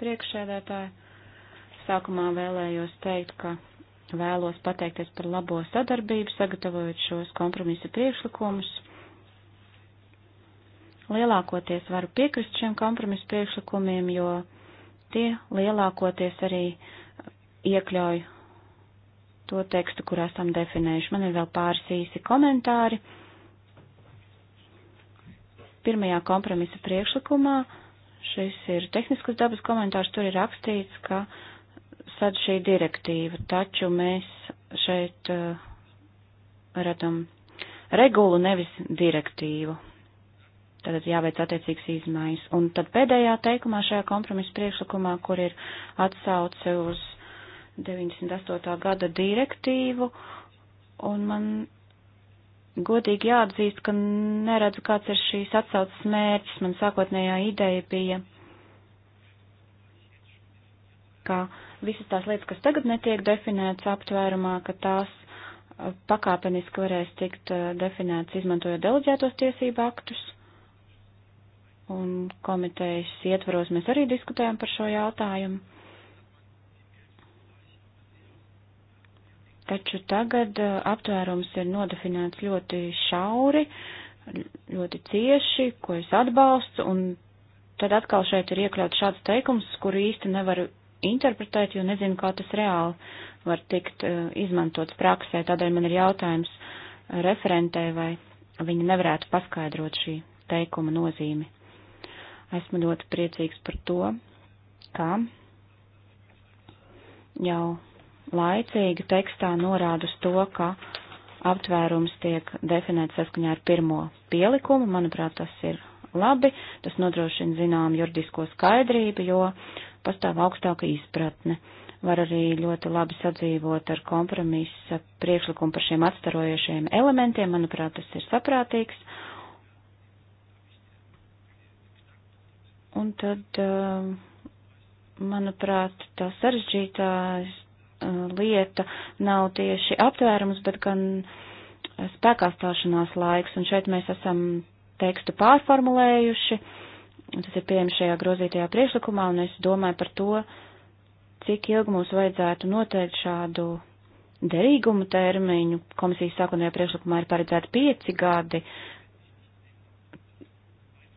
priekšsēdētāji. Sākumā vēlējos teikt, ka vēlos pateikties par labo sadarbību, sagatavojot šos kompromisa priekšlikumus. Lielākoties varu piekrist šiem kompromisa priekšlikumiem, jo tie lielākoties arī iekļauj to tekstu, kur esam definējuši. Man ir vēl pāris īsi komentāri. Pirmajā kompromisa priekšlikumā Šis ir tehniskas dabas komentārs, tur ir rakstīts, ka sad šī direktīva, taču mēs šeit uh, radam regulu, nevis direktīvu. Tātad jāveic attiecīgas izmaiņas. Un tad pēdējā teikumā šajā kompromisa priekšlikumā, kur ir atsauce uz 98. gada direktīvu, un man godīgi jāatzīst, ka neredzu, kāds ir šīs atsaucas mērķis. Man sākotnējā ideja bija, ka visas tās lietas, kas tagad netiek definētas aptvērumā, ka tās uh, pakāpeniski varēs tikt uh, definētas izmantojot deleģētos tiesību aktus. Un komitejas ietvaros mēs arī diskutējam par šo jautājumu. Taču tagad eh, aptvērums ir nodefinēts ļoti šauri, ļoti cieši, ko es atbalstu, un tad atkal šeit ir iekļauts šāds teikums, kuru īsti nevaru interpretēt, jo nezinu, kā tas reāli var tikt eh, izmantots praksē. Tādēļ man ir jautājums referentē, vai viņi nevarētu paskaidrot šī teikuma nozīmi. Esmu ļoti priecīgs par to, kā jau laicīgi tekstā norāda uz to, ka aptvērums tiek definēts saskaņā ar pirmo pielikumu. Manuprāt, tas ir labi, tas nodrošina zinām juridisko skaidrību, jo pastāv augstāka izpratne. Var arī ļoti labi sadzīvot ar kompromisa priekšlikumu par šiem atstarojošiem elementiem. Manuprāt, tas ir saprātīgs. Un tad, eh, manuprāt, tā sarežģītās Eh, lieta nav tieši aptvērums, bet gan eh, spēkā stāšanās laiks, un šeit mēs esam tekstu pārformulējuši, un tas ir pieejams šajā grozītajā priekšlikumā, un es domāju par to, cik ilgi mums vajadzētu noteikt šādu derīgumu termiņu. Komisijas sākotnējā priekšlikumā ir paredzēti pieci gadi,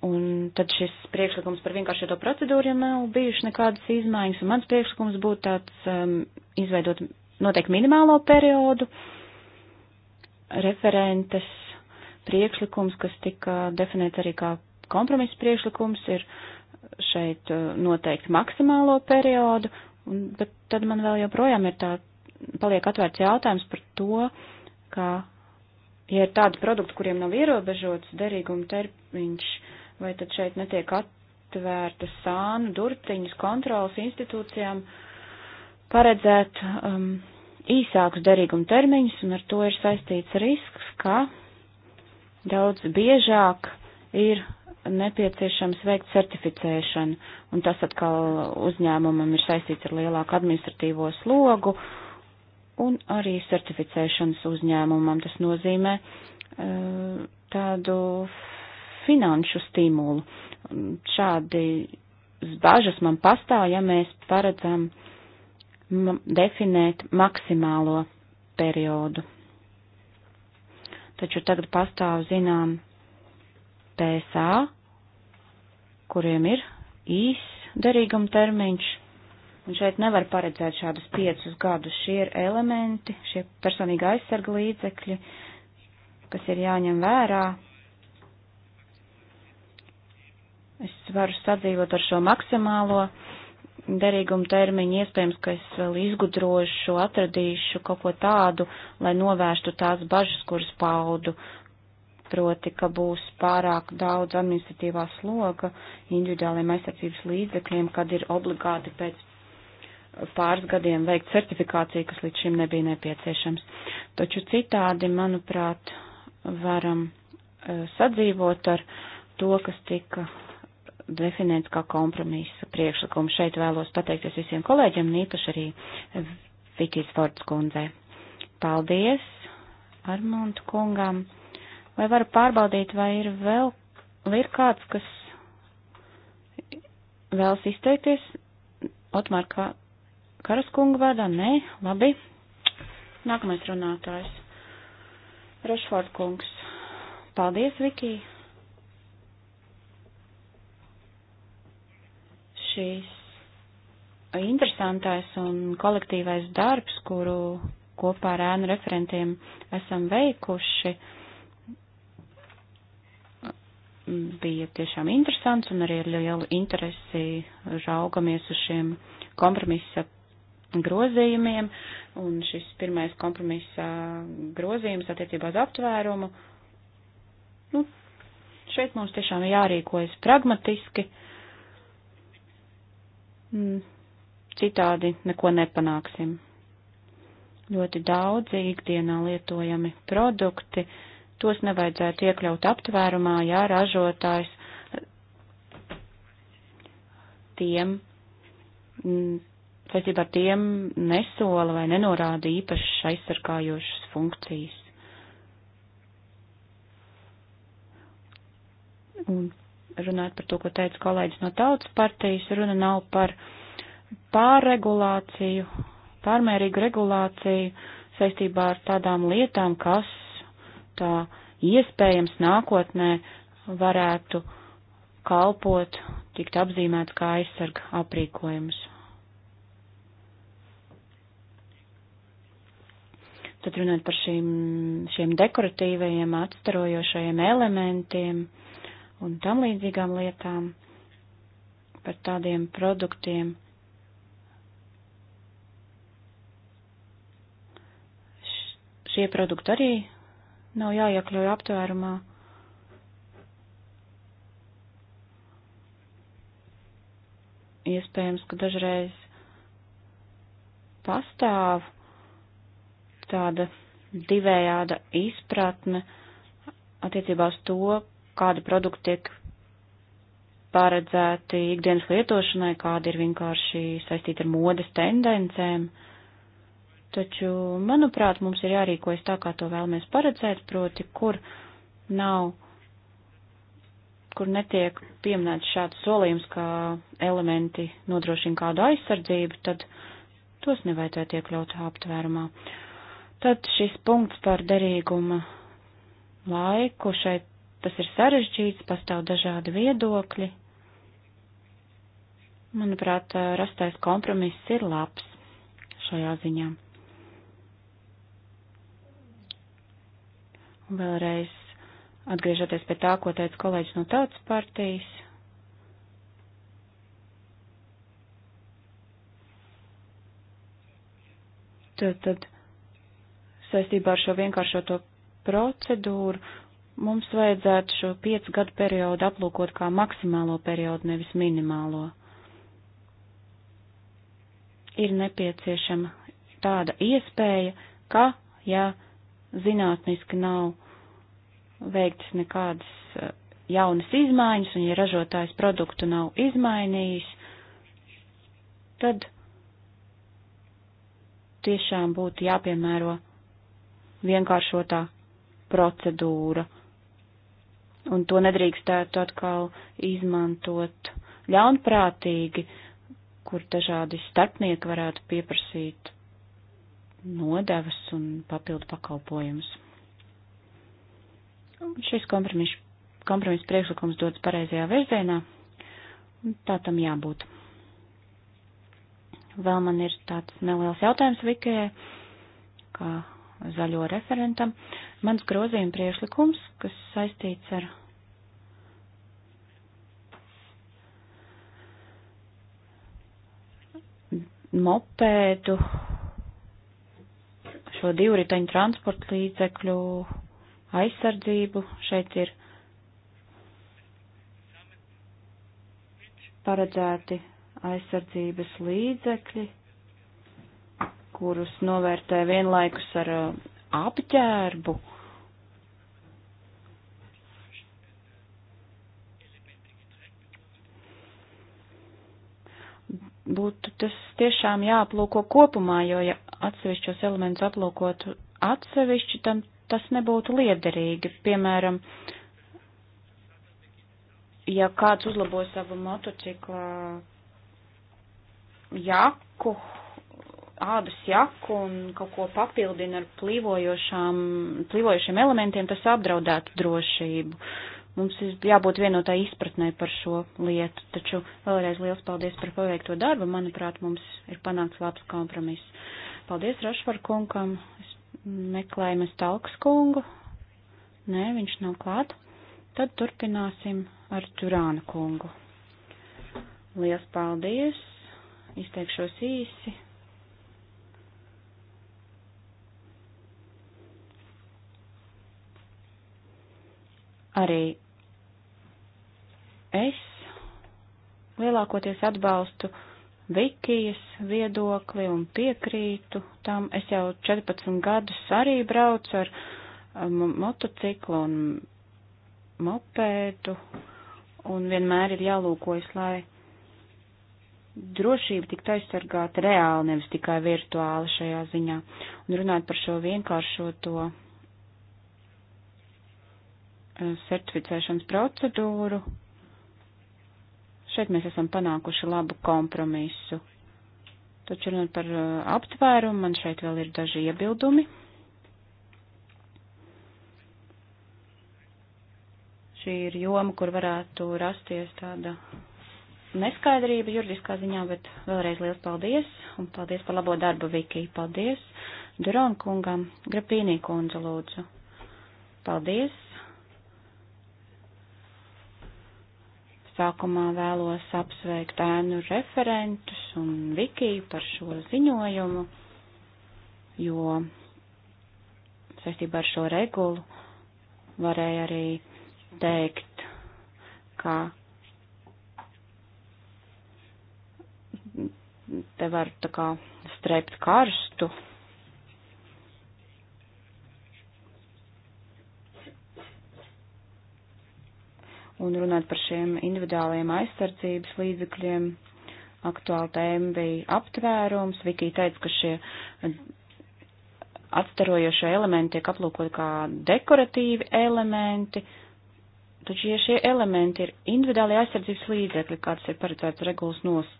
Un tad šis priekšlikums par vienkāršoto procedūru, ja nav bijuši nekādas izmaiņas, un mans priekšlikums būtu tāds um, izveidot noteikti minimālo periodu referentes priekšlikums, kas tika definēts arī kā kompromiss priekšlikums, ir šeit uh, noteikti maksimālo periodu, un, bet tad man vēl joprojām ir tā, paliek atvērts jautājums par to, ka, ja ir tādi produkti, kuriem nav ierobežots derīguma termiņš, Vai tad šeit netiek atvērtas sānu durtiņas kontrolas institūcijām paredzēt um, īsākus derīguma termiņus, un ar to ir saistīts risks, ka daudz biežāk ir nepieciešams veikt certificēšanu, un tas atkal uzņēmumam ir saistīts ar lielāku administratīvo slogu, un arī certificēšanas uzņēmumam tas nozīmē uh, tādu finanšu stimulu. Šādi bažas man pastāv, ja mēs paredzam definēt maksimālo periodu. Taču tagad pastāv zinām PSA, kuriem ir īs derīguma termiņš, un šeit nevar paredzēt šādus piecus gadus. Šie ir elementi, šie personīgi aizsarga līdzekļi, kas ir jāņem vērā, Es varu sadzīvot ar šo maksimālo derīgumu termiņu, iespējams, ka es vēl izgudrošu, atradīšu kaut ko tādu, lai novērstu tās bažas, kuras paudu, proti, ka būs pārāk daudz administratīvā sloga individuāliem aizsardzības līdzekļiem, kad ir obligāti pēc pāris gadiem veikt certifikāciju, kas līdz šim nebija nepieciešams. Taču citādi, manuprāt, varam eh, sadzīvot ar to, kas tika definēts kā kompromisa priekšlikums. Šeit vēlos pateikties visiem kolēģiem, īpaši arī Vikijas Fords kundzei. Paldies Armont kungam. Vai varu pārbaudīt, vai ir vēl, vai ir kāds, kas vēlas izteikties? Otmār kā Karas kunga vārdā? Nē, labi. Nākamais runātājs. Rošford kungs. Paldies, Vikija. šīs interesantais un kolektīvais darbs, kuru kopā ar ēnu referentiem esam veikuši, bija tiešām interesants un arī ar lielu interesi raugamies uz šiem kompromisa grozījumiem. Un šis pirmais kompromisa grozījums attiecībā uz aptvērumu, nu, šeit mums tiešām jārīkojas pragmatiski. Uh, Mm, citādi neko nepanāksim. Ļoti daudzi ikdienā lietojami produkti, tos nevajadzētu iekļaut aptvērumā, ja ražotājs tiem, mm, saistībā ar tiem nesola vai nenorāda īpašas aizsargājošas funkcijas. Un runāt par to, ko teica kolēģis no tautas partijas. Runa nav par pārregulāciju, pārmērīgu regulāciju saistībā ar tādām lietām, kas tā iespējams nākotnē varētu kalpot, tikt apzīmēts kā aizsarga aprīkojums. Tad runāt par šīm, šiem dekoratīvajiem, atstarojošajiem elementiem. Uh, un tam līdzīgām lietām, par tādiem produktiem. Šie produkti arī nav jāiekļauj aptvērumā. Iespējams, ka dažreiz pastāv tāda divējāda izpratne attiecībā uz to, kādi produkti tiek paredzēti ikdienas lietošanai, kādi ir vienkārši saistīti ar modes tendencēm. Taču, manuprāt, mums ir jārīkojas tā, kā to vēlamies paredzēt, proti, kur nav, kur netiek pieminēts šāds solījums, kā elementi nodrošina kādu aizsardzību, tad tos nevajadzētu iekļaut aptvērumā. Tad šis punkts par derīguma laiku šeit Tas ir sarežģīts, pastāv dažādi viedokļi. Manuprāt, rastais kompromiss ir labs šajā ziņā. Un vēlreiz atgriežoties pie tā, ko teica kolēģis no tautas partijas, tad saistībā ar šo vienkāršoto procedūru Mums vajadzētu šo piecu gadu periodu aplūkot kā maksimālo periodu, nevis minimālo. Ir nepieciešama tāda iespēja, ka, ja zinātniski nav veikts nekādas eh, jaunas izmaiņas, un ja ražotājs produktu nav izmainījis, tad tiešām būtu jāpiemēro vienkāršotā procedūra un to nedrīkstētu atkal izmantot ļaunprātīgi, kur dažādi starpnieki varētu pieprasīt nodevas un papildu pakalpojumus. Šis kompromiss kompromis priekšlikums dodas pareizajā virzienā, un tā tam jābūt. Vēl man ir tāds neliels jautājums Vikijai, kā zaļo referentam. Mans grozījuma priešlikums, kas saistīts ar mopēdu, šo divritaņu transporta līdzekļu aizsardzību. Šeit ir paredzēti aizsardzības līdzekļi kurus novērtē vienlaikus ar uh, apģērbu. Būtu tas tiešām jāaplūko kopumā, jo ja atsevišķos elementus aplūkotu atsevišķi, tam tas nebūtu liederīgi. Piemēram, ja kāds uzlabo savu motocikla jaku, ādas jaku un kaut ko papildina ar plīvojošiem elementiem, tas apdraudētu drošību. Mums ir jābūt vienotā izpratnē par šo lietu, taču vēlreiz liels paldies par paveikto darbu. Manuprāt, mums ir panāks labs kompromiss. Paldies Rašvar kungam. Es meklēju mēs Talks kungu. Nē, viņš nav klāt. Tad turpināsim ar Turāna kungu. Liels paldies! Izteikšos īsi. Arī es lielākoties atbalstu Vikijas viedokli un piekrītu tam. Es jau 14 gadus arī braucu ar motociklu un mopētu, un vienmēr ir jālūkojas, lai drošība tiktu aizsargāta reāli, nevis tikai virtuāli šajā ziņā. Un runāt par šo vienkāršoto certificēšanas procedūru. Šeit mēs esam panākuši labu kompromisu. Taču runāt par uh, aptvērumu, man šeit vēl ir daži iebildumi. Šī ir joma, kur varētu rasties tāda neskaidrība juridiskā ziņā, bet vēlreiz liels paldies un paldies par labo darbu, Viki. Paldies Duron kungam, Grapīnī kundze lūdzu. Paldies! Sākumā vēlos apsveikt ēnu referentus un Vikiju par šo ziņojumu, jo saistībā ar šo regulu varēja arī teikt, ka te var tā kā strept karstu un runāt par šiem individuālajiem aizsardzības līdzekļiem. Aktuāla tēma bija aptvērums. Vikija teica, ka šie atstarojošie elementi tiek aplūkoti kā dekoratīvi elementi, taču, ja šie elementi ir individuālajie aizsardzības līdzekļi, kāds ir paredzēts regulas nos,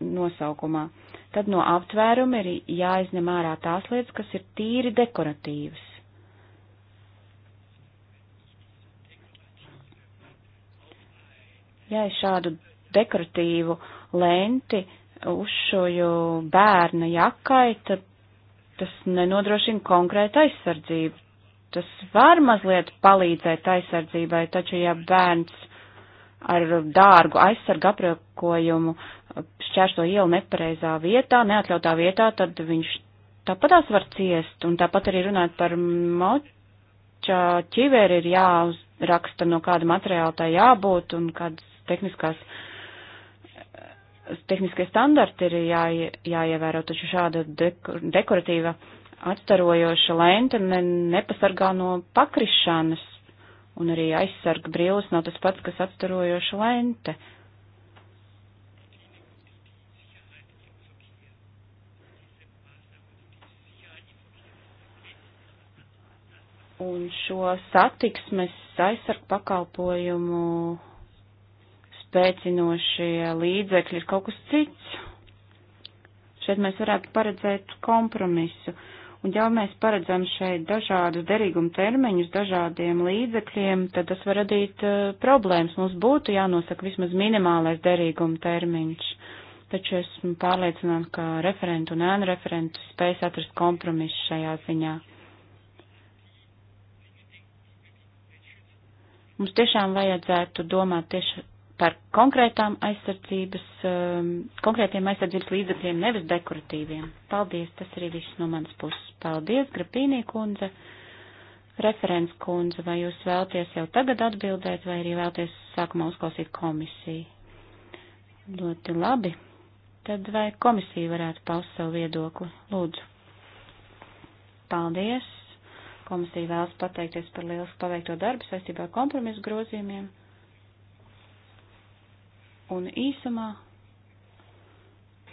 nosaukumā, tad no aptvēruma ir jāizņem ārā tās lietas, kas ir tīri dekoratīvas. Ja es šādu dekoratīvu lenti uzšoju bērna jakai, tad tas nenodrošina konkrētu aizsardzību. Tas var mazliet palīdzēt aizsardzībai, taču ja bērns ar dārgu aizsargu apriekojumu šķērso ielu nepareizā vietā, neatļautā vietā, tad viņš tāpatās var ciest. Un tāpat arī runāt par moča ķiveri ir jāuzraksta, no kāda materiāla tā jābūt un kādas tehniskās, tehniskie standarti ir jā, jāievēro, taču šāda dekor, dekoratīva atstarojoša lente ne, nepasargā no pakrišanas, un arī aizsarga brīlis nav tas pats, kas atstarojoša lente. un šo satiksmes aizsargu pakalpojumu pēcinošie līdzekļi ir kaut kas cits. Šeit mēs varētu paredzēt kompromisu. Un ja mēs paredzam šeit dažādus derīgumu termiņus dažādiem līdzekļiem, tad tas var radīt uh, problēmas. Mums būtu jānosaka vismaz minimālais derīgumu termiņš. Taču esmu pārliecināta, ka referentu un ēnu referentu spēs atrast kompromisu šajā ziņā. Mums tiešām vajadzētu domāt tieši par konkrētām aizsardzības, um, konkrētiem aizsardzības līdzekļiem, nevis dekoratīviem. Paldies, tas arī viss no manas puses. Paldies, Grapīnī kundze, referents kundze, vai jūs vēlties jau tagad atbildēt, vai arī vēlties sākumā uzklausīt komisiju? Ļoti labi. Tad vai komisija varētu paust savu viedokli? Lūdzu. Paldies. Komisija vēlas pateikties par lielisku paveikto darbu saistībā ar kompromisu grozījumiem un īsumā.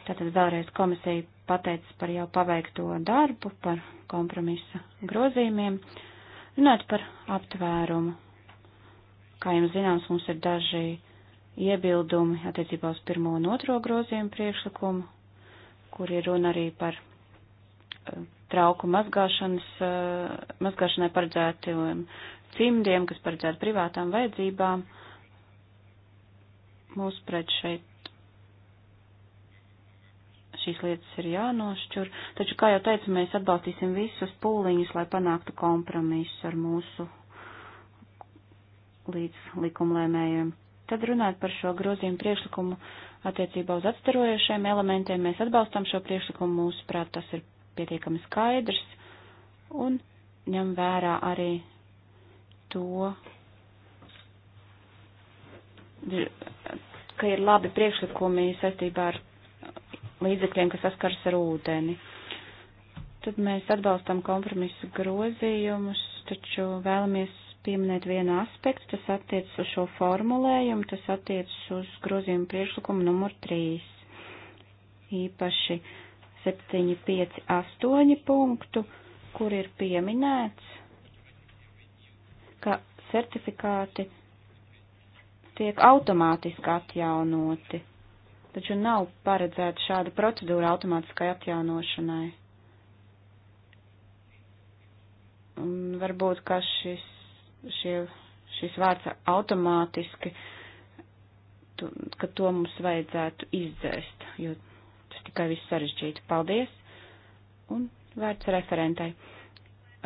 Tātad vēlreiz komisija pateicis par jau paveikto darbu, par kompromisa grozījumiem, runāt par aptvērumu. Kā jums zināms, mums ir daži iebildumi attiecībā uz pirmo un otro grozījumu priekšlikumu, kur ir runa arī par e, trauku mazgāšanas, e, mazgāšanai paredzēti cimdiem, kas paredzēti privātām vajadzībām. Uh, mūsu pret šeit šīs lietas ir jānošķir, taču, kā jau teicu, mēs atbalstīsim visus pūliņus, lai panāktu kompromisu ar mūsu līdz likumlēmējiem. Tad runāt par šo grozījumu priekšlikumu attiecībā uz atstarojušiem elementiem. Mēs atbalstam šo priekšlikumu, mūsuprāt, tas ir pietiekami skaidrs un ņem vērā arī to, ka ir labi priekšlikumi saistībā ar līdzekļiem, kas saskars ar ūdeni. Tad mēs atbalstam kompromisu grozījumus, taču vēlamies pieminēt vienu aspektu, tas attiecas uz šo formulējumu, tas attiecas uz grozījumu priekšlikumu numur 3. Īpaši 7, 5, 8 punktu, kur ir pieminēts, ka certifikāti tiek automātiski atjaunoti, taču nav paredzēta šāda procedūra automātiskai atjaunošanai. Un varbūt, ka šis, šie, šis vārds automātiski, tu, ka to mums vajadzētu izdzēst, jo tas tikai viss sarežģīti. Paldies! Un vārds referentai.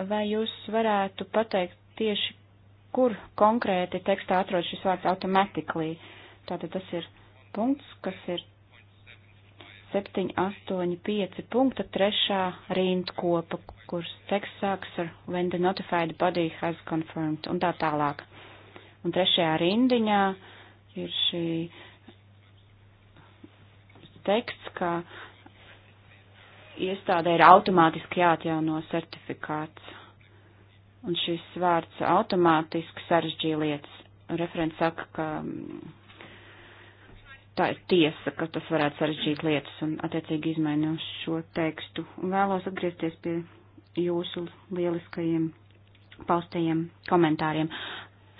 Vai jūs varētu pateikt tieši kur konkrēti tekstā atrod šis vārds automatically. Tātad tas ir punkts, kas ir 7, 8, 5 punkta trešā rindkopa, kurš teksts sāks ar when the notified body has confirmed un tā tālāk. Un trešajā rindiņā ir šī teksts, ka iestādē ir automātiski jāatjauno certifikāts. Un šis vārds automātiski sarežģīja lietas. Referents saka, ka mm, tā ir tiesa, ka tas varētu sarežģīt lietas un attiecīgi izmainu šo tekstu. Un vēlos atgriezties pie jūsu lieliskajiem paustajiem komentāriem.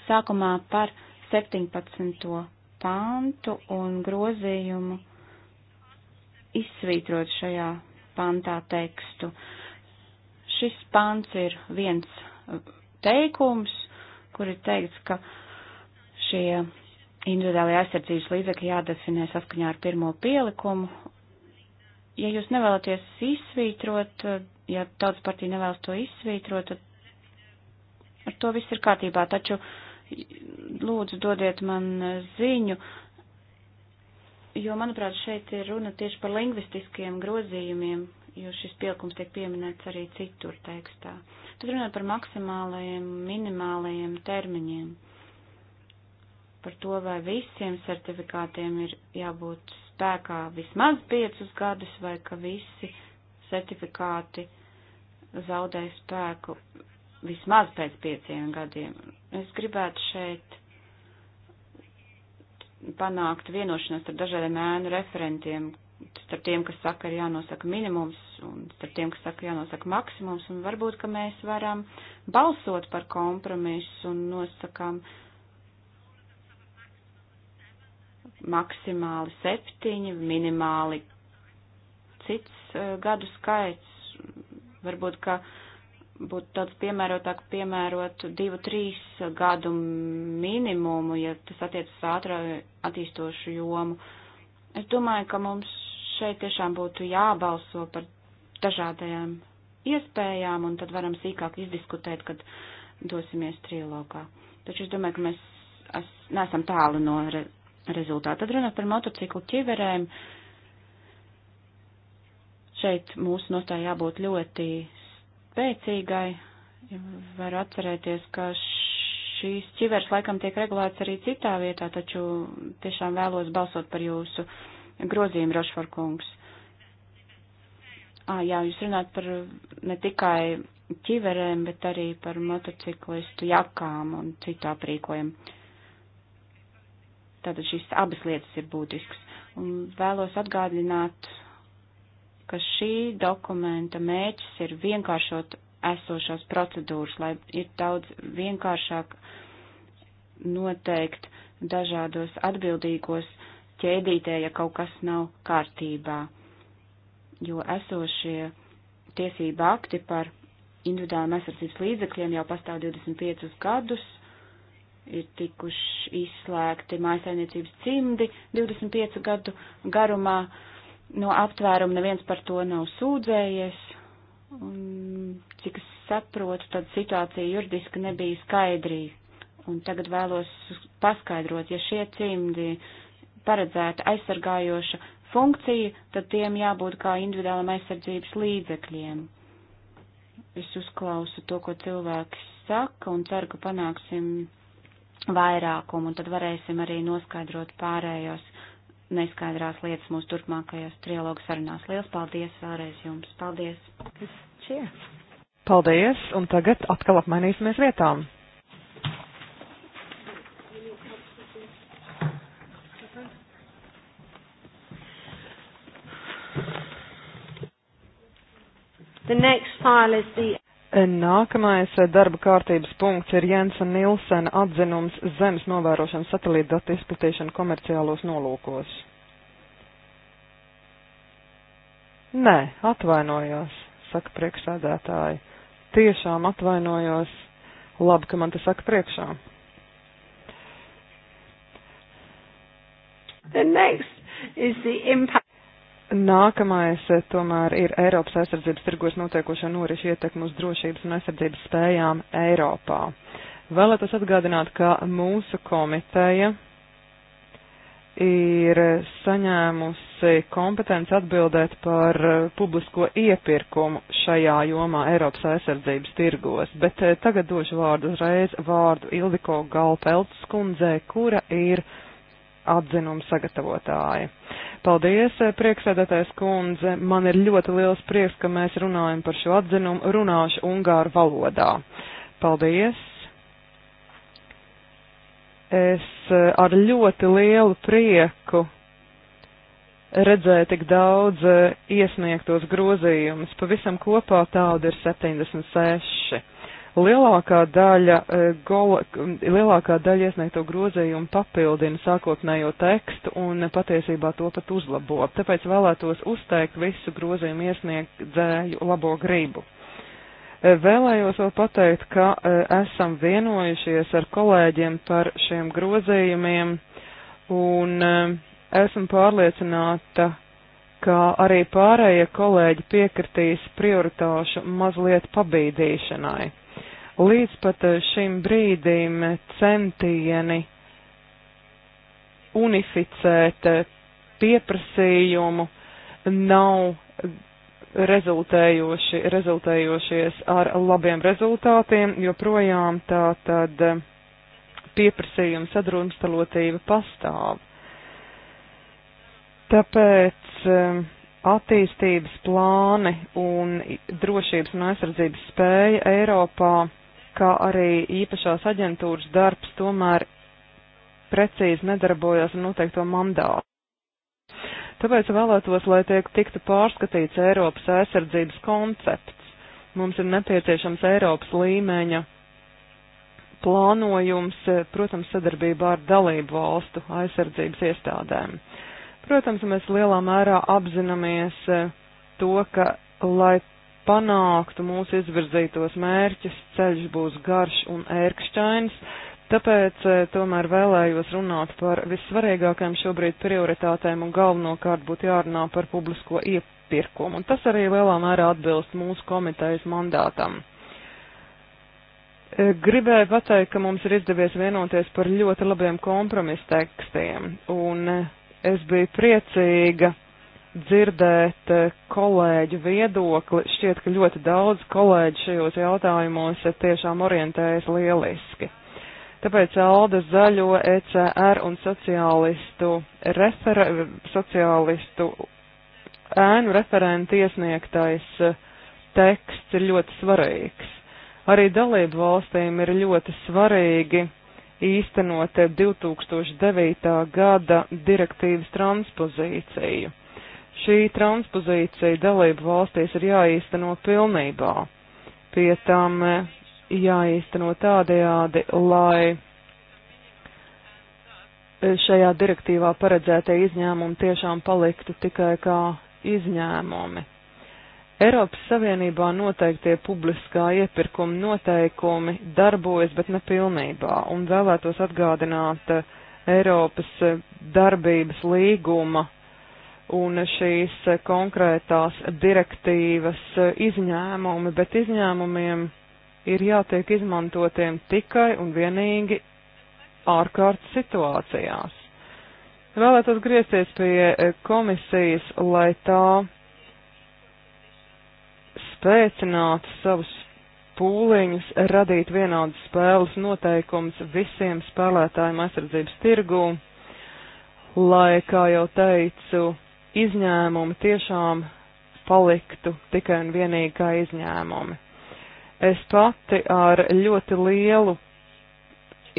Sākumā par 17. pantu un grozījumu izsvītrot šajā pantā tekstu. Šis pants ir viens teikums, kur ir teikts, ka šie individuālajā aizsardzības līdzekļi jādefinē saskaņā ar pirmo pielikumu. Ja jūs nevēlaties izsvītrot, ja tautas partija nevēlas to izsvītrot, tad ar to viss ir kārtībā, taču lūdzu dodiet man ziņu, jo, manuprāt, šeit ir runa tieši par lingvistiskiem grozījumiem, jo šis pielikums tiek pieminēts arī citur tekstā. Tad runāju par maksimālajiem, minimālajiem termiņiem. Par to, vai visiem certifikātiem ir jābūt spēkā vismaz piecus gadus, vai ka visi certifikāti zaudē spēku vismaz pēc pieciem gadiem. Es gribētu šeit panākt vienošanos ar dažādiem ēnu referentiem, starp tiem, kas saka, ir jānosaka minimums, un starp tiem, kas saka, jānosaka maksimums, un varbūt, ka mēs varam balsot par kompromisu un nosakām maksimāli septiņi, minimāli cits uh, gadu skaits. Varbūt, ka būtu tāds piemērotāk piemērot divu, trīs gadu minimumu, ja tas attiecas ātrā attīstošu jomu. Es domāju, ka mums šeit tiešām būtu jābalso par dažādajām iespējām, un tad varam sīkāk izdiskutēt, kad dosimies trilogā. Taču es domāju, ka mēs es, neesam tālu no re, rezultāta. Tad runāt par motociklu ķiverēm. Šeit mūsu nostāja jābūt ļoti spēcīgai. Varu atcerēties, ka šīs ķiveres laikam tiek regulētas arī citā vietā, taču tiešām vēlos balsot par jūsu uh, grozījumu, Rošvar kungs. À, jā, jūs runājat par ne tikai ķiverēm, bet arī par motociklistu jakām un citu aprīkojumu. Tātad šīs abas lietas ir būtiskas. Un vēlos atgādināt, ka šī dokumenta mēķis ir vienkāršot esošās procedūras, lai ir daudz vienkāršāk noteikt dažādos atbildīgos uh, ķēdītē, ja kaut kas nav kārtībā, jo esošie tiesība akti par individuālām aizsardzības līdzekļiem jau pastāv 25 gadus, ir tikuši izslēgti mājasainiecības cimdi 25 gadu garumā, no aptvēruma neviens par to nav sūdzējies, un cik es saprotu, tad situācija juridiski nebija skaidrīga. Un tagad vēlos paskaidrot, ja šie cimdi uh, paredzēta aizsargājoša funkcija, tad tiem jābūt kā individuālam aizsardzības līdzekļiem. Es uzklausu to, ko cilvēks saka, un ceru, ka panāksim vairākumu, un tad varēsim arī noskaidrot pārējos neskaidrās lietas mūsu turpmākajos trialogu sarunās. Liels paldies vēlreiz jums! Paldies! Cheers. Paldies, un tagad atkal apmainīsimies vietām. The next file is the Nākamais eh, darba kārtības punkts ir Jensa Nilsena atzinums zemes novērošanas satelīta datu izplatīšana komerciālos nolūkos. Nē, atvainojos, saka priekšsēdētāji. Tiešām atvainojos. Labi, ka man te saka priekšā. The next is the impact. Nākamais eh, tomēr ir Eiropas aizsardzības tirgos notiekošo norišu ietekmu uz drošības un aizsardzības spējām Eiropā. Vēlētos atgādināt, ka mūsu komiteja ir saņēmusi kompetenci atbildēt par eh, publisko iepirkumu šajā jomā Eiropas aizsardzības tirgos, bet eh, tagad došu vārdu uzreiz vārdu Ildiko Galpelts kundzē, kura ir atzinuma sagatavotāja. Paldies, eh, prieksēdētais kundze. Man ir ļoti liels prieks, ka mēs runājam par šo atzinumu, runāšu ungāru valodā. Paldies! Es eh, ar ļoti lielu prieku redzēju tik daudz eh, iesniegtos grozījumus. Pavisam kopā tādu ir 76 Lielākā daļa, e, gola, lielākā daļa iesniegto grozījumu papildina sākotnējo tekstu un patiesībā to pat uzlabo. Tāpēc vēlētos uzteikt visu grozījumu iesniegdzēju labo gribu. E, vēlējos vēl pateikt, ka e, esam vienojušies ar kolēģiem par šiem grozījumiem un esmu pārliecināta, ka arī pārējie kolēģi piekritīs prioritāšu mazliet pabīdīšanai Līdz pat eh, šim brīdim eh, centieni unificēt eh, pieprasījumu nav rezultējoši, rezultējošies ar labiem rezultātiem, joprojām tā tad pieprasījuma sadrumstalotība pastāv. Tāpēc attīstības plāni un drošības un aizsardzības spēja Eiropā kā arī īpašās aģentūras darbs tomēr precīzi nedarbojas ar noteikto mandātu. Tāpēc vēlētos, lai tiek tiktu pārskatīts Eiropas aizsardzības koncepts. Mums ir nepieciešams Eiropas līmeņa plānojums, protams, sadarbībā ar dalību valstu aizsardzības iestādēm. Protams, mēs lielā mērā apzināmies to, ka, lai panāktu mūsu izvirzītos mērķus, ceļš būs garš un ērkšķains, tāpēc eh, tomēr vēlējos runāt par vissvarīgākajām šobrīd prioritātēm un galvenokārt būtu jārunā par publisko iepirkumu. Un tas arī lielā mērā atbilst mūsu komitejas mandātam. Eh, gribēju pateikt, ka mums ir izdevies vienoties par ļoti labiem kompromisu tekstiem, un eh, es biju priecīga dzirdēt eh, kolēģu viedokli. Šķiet, ka ļoti daudz kolēģi šajos jautājumos eh, tiešām orientējas lieliski. Tāpēc Alda Zaļo, ECR un sociālistu, refera, sociālistu ēnu referenti iesniegtais eh, teksts ir ļoti svarīgs. Arī dalību valstīm ir ļoti svarīgi īstenot 2009. gada direktīvas transpozīciju Šī transpozīcija dalību valstīs ir jāīsteno pilnībā. Pie tam eh, jāīsteno tādējādi, lai eh, šajā direktīvā paredzētie izņēmumi tiešām paliktu tikai kā izņēmumi. Eiropas Savienībā noteiktie publiskā iepirkuma noteikumi darbojas, bet ne pilnībā, un vēlētos atgādināt eh, Eiropas darbības līguma un šīs konkrētās direktīvas izņēmumi, bet izņēmumiem ir jātiek izmantotiem tikai un vienīgi ārkārtas situācijās. Vēlētos griezties pie komisijas, lai tā spēcinātu savus pūliņus, radīt vienādas spēles noteikums visiem spēlētājiem aizsardzības tirgū, lai, kā jau teicu, izņēmumi tiešām paliktu tikai un vienīgi kā izņēmumi. Es pati ar ļoti lielu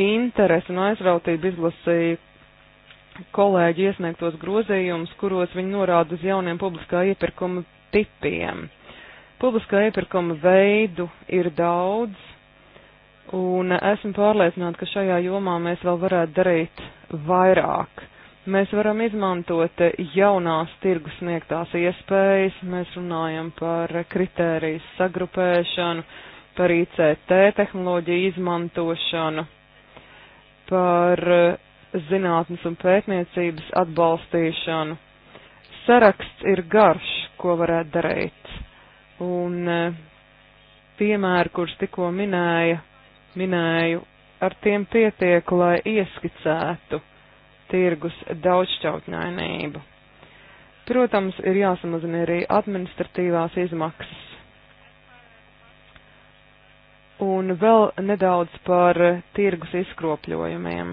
interesi un aizrautību izlasīju kolēģi iesniegtos grozījumus, kuros viņi norāda uz jauniem publiskā iepirkuma tipiem. Publiskā iepirkuma veidu ir daudz, un esmu pārliecināta, ka šajā jomā mēs vēl varētu darīt vairāk. Mēs varam izmantot jaunās tirgus sniegtās iespējas, mēs runājam par kritērijas sagrupēšanu, par ICT tehnoloģiju izmantošanu, par zinātnes un pētniecības atbalstīšanu. Saraksts ir garš, ko varētu darīt. Un eh, piemēri, kurus tikko minēja, minēju, ar tiem pietiek, lai ieskicētu tirgus daudzšķautņainību. Protams, ir jāsamazina arī administratīvās izmaksas. Un vēl nedaudz par tirgus izkropļojumiem.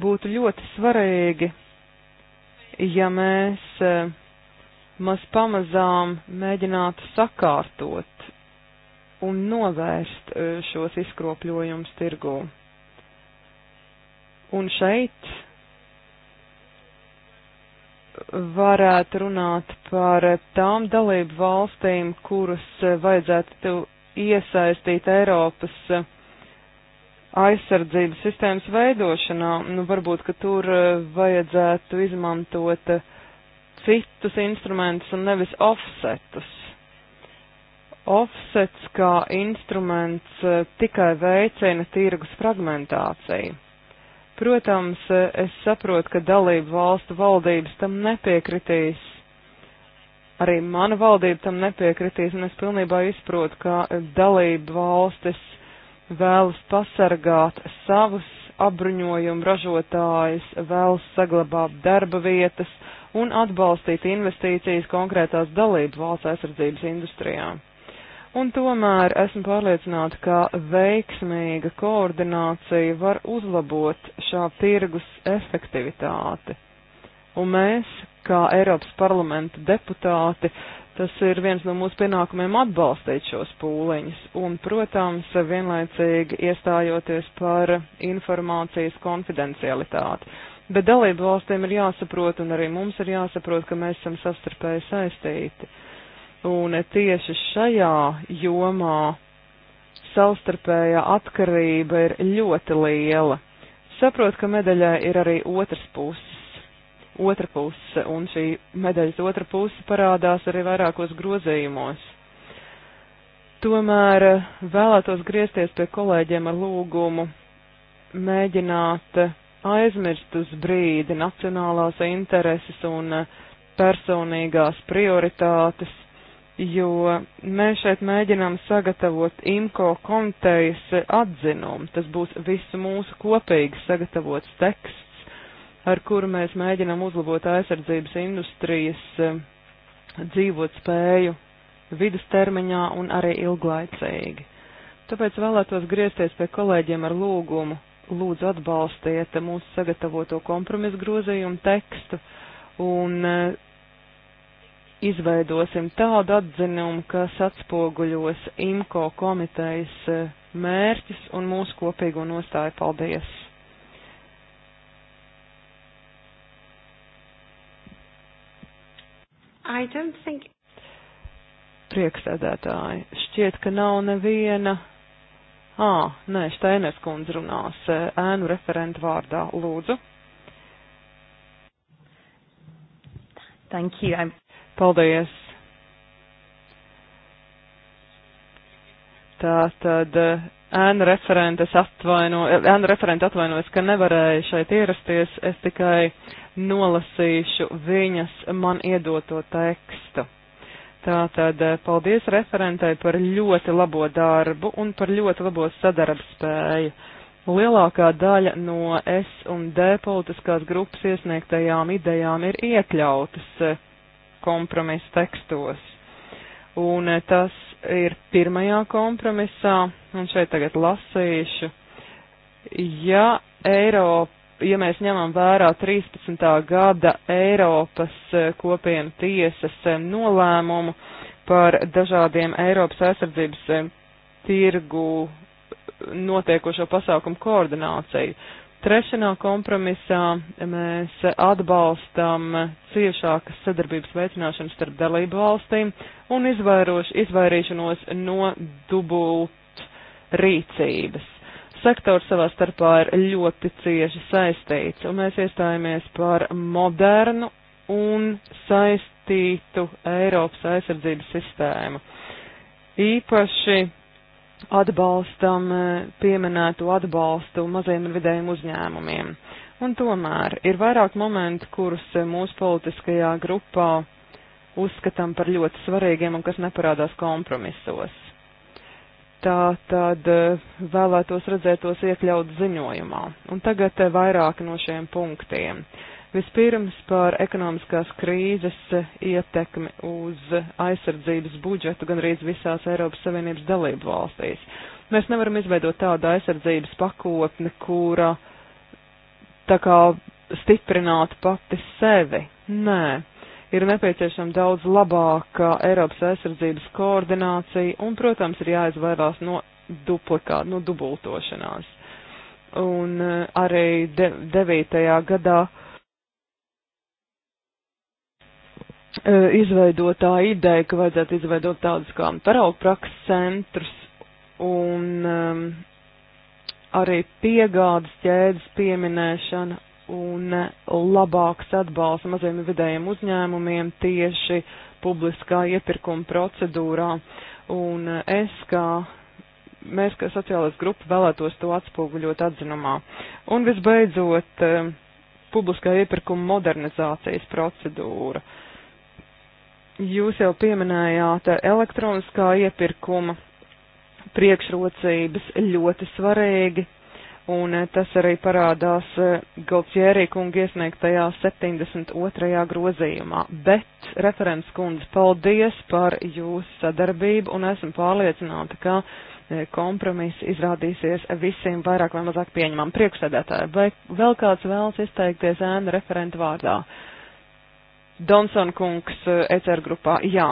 Būtu ļoti svarīgi, ja mēs eh, maz pamazām mēģinātu sakārtot un novērst eh, šos izkropļojumus tirgū. Un šeit varētu runāt par tām dalību valstīm, kuras vajadzētu iesaistīt Eiropas aizsardzības sistēmas veidošanā. Nu, varbūt, ka tur vajadzētu izmantot citus instrumentus un nevis offsetus. Offsets kā instruments tikai veicina tirgus fragmentāciju Protams, es saprotu, ka dalību valstu valdības tam nepiekritīs. Arī mana valdība tam nepiekritīs, un es pilnībā izprotu, ka dalību valstis vēlas pasargāt savus apbruņojumu ražotājus, vēlas saglabāt darba vietas un atbalstīt investīcijas konkrētās dalību valsts aizsardzības industrijām un tomēr esmu pārliecināta, ka veiksmīga koordinācija var uzlabot šā tirgus efektivitāti. Un mēs, kā Eiropas parlamenta deputāti, tas ir viens no mūsu pienākumiem atbalstīt šos pūliņus un, protams, vienlaicīgi iestājoties par informācijas konfidencialitāti. Bet dalību valstīm ir jāsaprot, un arī mums ir jāsaprot, ka mēs esam savstarpēji saistīti. Uh, Un tieši šajā jomā savstarpējā atkarība ir ļoti liela. Saprot, ka medaļai ir arī otrs puses, otra puse, un šī medaļas otra puse parādās arī vairākos grozījumos. Tomēr eh, vēlētos griezties pie kolēģiem ar lūgumu mēģināt eh, aizmirst uz brīdi nacionālās intereses un eh, personīgās prioritātes jo mēs šeit mēģinām sagatavot IMCO komitejas atzinumu. Tas būs visu mūsu kopīgi sagatavots teksts, ar kuru mēs mēģinām uzlabot aizsardzības industrijas eh, dzīvot spēju vidustermiņā un arī ilglaicīgi. Tāpēc vēlētos griezties pie kolēģiem ar lūgumu, lūdzu atbalstiet mūsu sagatavoto kompromisu grozījumu tekstu un eh, izveidosim tādu atzinumu, kas atspoguļos IMCO komitejas eh, mērķis un mūsu kopīgo nostāju. Paldies! Think... Priekšsēdētāji, šķiet, ka nav neviena. Ā, ah, nē, Šteiners kundze runās eh, ēnu referentu vārdā. Lūdzu. Thank you. I'm... Paldies! Tā tad ēnu eh, referentes atvaino, ēnu eh, referente atvainojas, ka nevarēja šeit ierasties, es tikai nolasīšu viņas man iedoto tekstu. Tātad eh, paldies referentai par ļoti labo darbu un par ļoti labo sadarbspēju. Lielākā daļa no S un D politiskās grupas iesniegtajām idejām ir iekļautas kompromisa tekstos. Un eh, tas ir pirmajā kompromisā, un šeit tagad lasīšu. Ja Eiropa ja mēs ņemam vērā 13. gada Eiropas eh, kopienu tiesas eh, nolēmumu par dažādiem Eiropas aizsardzības tirgu notiekošo pasākumu koordināciju. Trešajā kompromisā mēs atbalstam ciešākas sadarbības veicināšanu starp dalību valstīm un izvairīšanos no dubult rīcības. Sektors savā starpā ir ļoti cieši saistīts, un mēs iestājāmies par modernu un saistītu Eiropas aizsardzības sistēmu. Īpaši atbalstam eh, pieminēto atbalstu maziem un vidējiem uzņēmumiem. Un tomēr ir vairāk momenti, kurus eh, mūsu politiskajā grupā uzskatām par ļoti svarīgiem un kas neparādās kompromisos. Tā tad eh, vēlētos redzēt tos iekļaut ziņojumā. Un tagad vairāk no šiem punktiem. Uh, Vispirms par ekonomiskās krīzes eh, ietekmi uz aizsardzības budžetu gan arī visās Eiropas Savienības dalību valstīs. Mēs nevaram izveidot tādu aizsardzības pakotni, kura tā kā stiprinātu pati sevi. Nē, ir nepieciešama daudz labāka Eiropas aizsardzības koordinācija un, protams, ir jāizvairās no duplikāt, no dubultošanās. Un eh, arī de, devītajā gadā uh, E, izveidotā ideja, ka vajadzētu izveidot tādus kā paraugu prakses centrus un um, arī piegādes ķēdes pieminēšana un labāks atbalsts maziem un vidējiem uzņēmumiem tieši publiskā iepirkuma procedūrā. Un es kā, mēs kā sociālais grupa vēlētos to atspoguļot atzinumā. Un visbeidzot, um, publiskā iepirkuma modernizācijas procedūra. Uh, Jūs jau pieminējāt elektroniskā iepirkuma priekšrocības ļoti svarīgi, un tas arī parādās eh, Galtjērī kunga iesniegtajā 72. grozījumā. Bet, referents kundze, paldies par jūsu sadarbību, un esmu pārliecināta, ka eh, kompromiss izrādīsies visiem vairāk vai mazāk pieņemam priekšsēdētāju. Vai vēl kāds vēlas izteikties ēna referentu vārdā? Uh, Domson kungs eh, ECR grupā. Jā,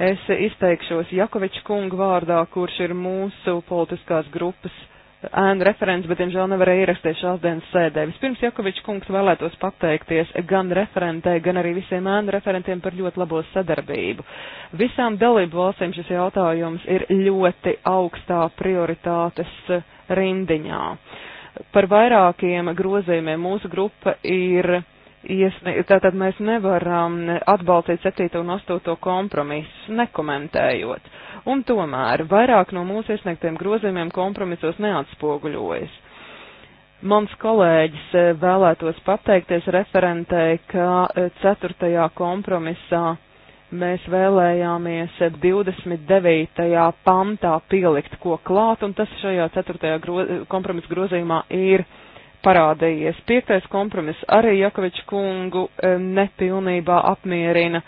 es izteikšos Jakoviča kungu vārdā, kurš ir mūsu politiskās grupas eh, ēnu referents, bet, diemžēl, nevarēja ierasties šās dienas sēdē. Vispirms Jakoviča kungs vēlētos pateikties gan referentei, gan arī visiem ēnu referentiem par ļoti labo sadarbību. Visām dalību valstīm šis jautājums ir ļoti augstā prioritātes eh, rindiņā. Par vairākiem grozījumiem mūsu grupa ir iesniegt, tātad mēs nevaram atbalstīt 7. un 8. kompromisu, nekomentējot. Un tomēr vairāk no mūsu iesniegtiem grozījumiem kompromisos neatspoguļojas. Mans kolēģis e, vēlētos pateikties referentei, ka 4. E, kompromisā mēs vēlējāmies 29. E, pantā pielikt ko klāt, un tas šajā 4. Groz, kompromisa grozījumā ir parādījies. Piektais kompromiss arī Jakoviča kungu e, nepilnībā apmierina,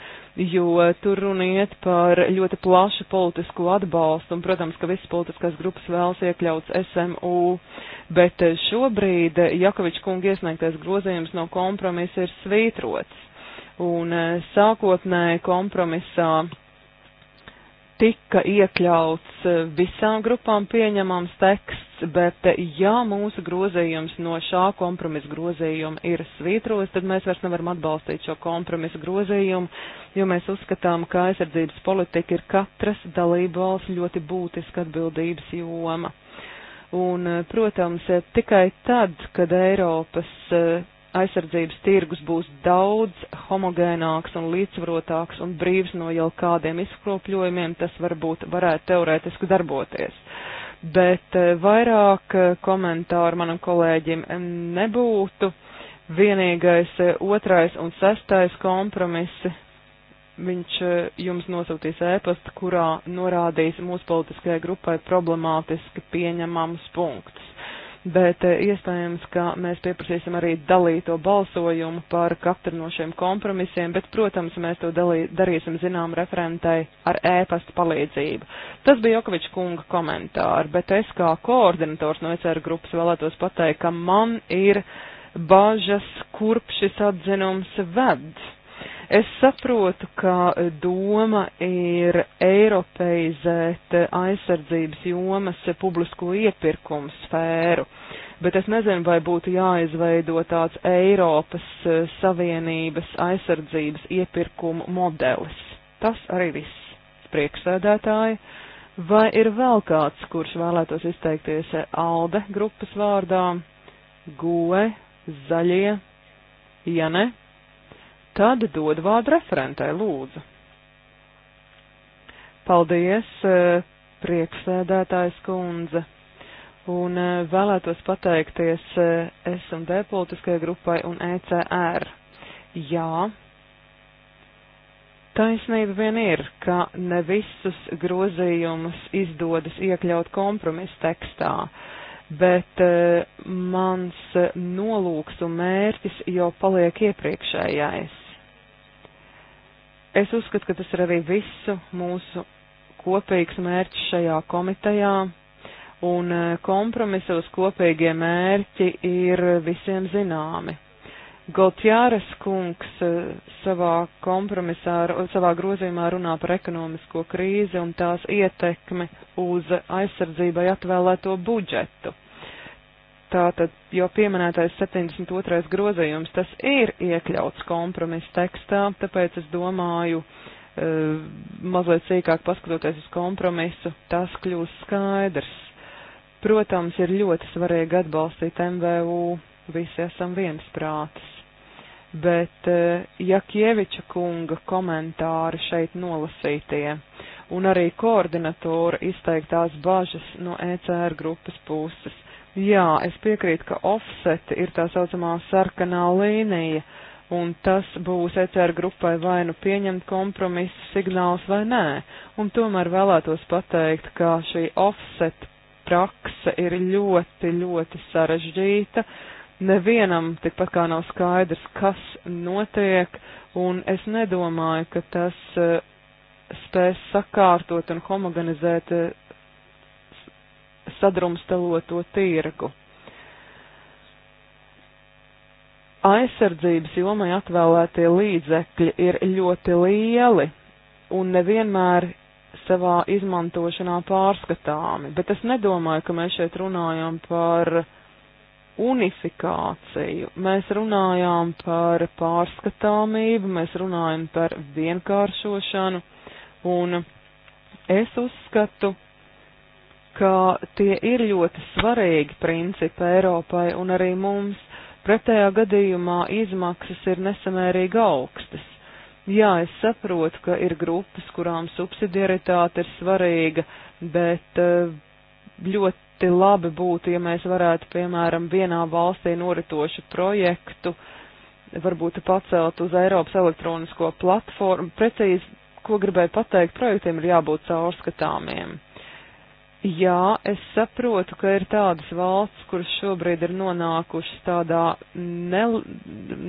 jo tur runiet par ļoti plašu politisku atbalstu, un, protams, ka visas politiskās grupas vēlas iekļauts SMU, bet e, šobrīd Jakoviča kungu iesniegtais grozījums no kompromisa ir svītrots, un e, sākotnēji kompromisā tika iekļauts eh, visām grupām pieņemams teksts, bet eh, ja mūsu grozījums no šā kompromisa grozījuma ir svītros, tad mēs vairs nevaram atbalstīt šo kompromisa grozījumu, jo mēs uzskatām, ka aizsardzības politika ir katras dalību valsts ļoti būtiska atbildības joma. Un, eh, protams, tikai tad, kad Eiropas aizsardzības tirgus būs daudz homogēnāks un līdzsvarotāks un brīvs no jau kādiem izkropļojumiem, tas varbūt varētu teorētiski darboties. Bet eh, vairāk eh, komentāru manam kolēģim nebūtu. Vienīgais eh, otrais un sestais kompromisi viņš jums nosūtīs ēpastu, kurā norādīs mūsu politiskajai grupai problemātiski pieņemamus punktus bet eh, iespējams, ka mēs pieprasīsim arī dalīto balsojumu par katru no šiem kompromisiem, bet, protams, mēs to dalī, darīsim zinām referentai ar ēpastu palīdzību. Tas bija Jokoviča kunga komentāri, bet es kā koordinators no ECR grupas vēlētos pateikt, ka man ir bažas, kurp šis atzinums ved Es saprotu, ka doma ir eiropeizēt aizsardzības jomas publisko iepirkumu sfēru, bet es nezinu, vai būtu jāizveido tāds Eiropas Savienības aizsardzības iepirkumu modelis. Tas arī viss priekšsēdētāji. Vai ir vēl kāds, kurš vēlētos izteikties ALDE grupas vārdā, GUE, Zaļie, ja ne? Tad dod vārdu referentai, lūdzu. Paldies, eh, prieksēdētājs kundze. Un eh, vēlētos pateikties eh, S&D politiskajai grupai un ECR. Jā, taisnība vien ir, ka ne visus grozījumus izdodas iekļaut kompromisu tekstā bet e, mans nolūks un mērķis jau paliek iepriekšējais. Es uzskatu, ka tas ir arī visu mūsu kopīgs mērķis šajā komitejā, un e, kompromisos kopīgie mērķi ir visiem zināmi. Goltjāras kungs e, savā kompromisā, savā grozījumā runā par ekonomisko krīzi un tās ietekmi uz aizsardzībai atvēlēto budžetu. Tātad jau pieminētais 72. grozījums, tas ir iekļauts kompromisa tekstā, tāpēc es domāju, e, mazliet sīkāk paskatoties uz kompromisu, tas kļūs skaidrs. Protams, ir ļoti svarīgi atbalstīt MVU, visi esam viensprātis. Bet e, Jakieviča kunga komentāri šeit nolasītie un arī koordinatora izteiktās bažas no ECR grupas puses. Jā, es piekrītu, ka offset ir tā saucamā sarkanā līnija, un tas būs ECR grupai vai nu pieņemt kompromisu signāls vai nē. Un tomēr vēlētos pateikt, ka šī offset prakse ir ļoti, ļoti sarežģīta. Nevienam tikpat kā nav skaidrs, kas notiek, un es nedomāju, ka tas eh, spēs sakārtot un homogenizēt eh, sadrumstaloto tirgu. Aizsardzības jomai atvēlētie līdzekļi ir ļoti lieli un nevienmēr savā izmantošanā pārskatāmi, bet es nedomāju, ka mēs šeit runājam par unifikāciju. Mēs runājām par pārskatāmību, mēs runājam par vienkāršošanu, un es uzskatu, ka tie ir ļoti svarīgi principi Eiropai un arī mums. Pretējā gadījumā izmaksas ir nesamērīgi augstas. Jā, es saprotu, ka ir grupas, kurām subsidiaritāte ir svarīga, bet eh, ļoti labi būtu, ja mēs varētu, piemēram, vienā valstī noritošu projektu varbūt pacelt uz Eiropas elektronisko platformu. Precīzi, ko gribēju pateikt, projektiem ir jābūt caurskatāmiem. Jā, es saprotu, ka ir tādas valsts, kuras šobrīd ir nonākušas tādā ne,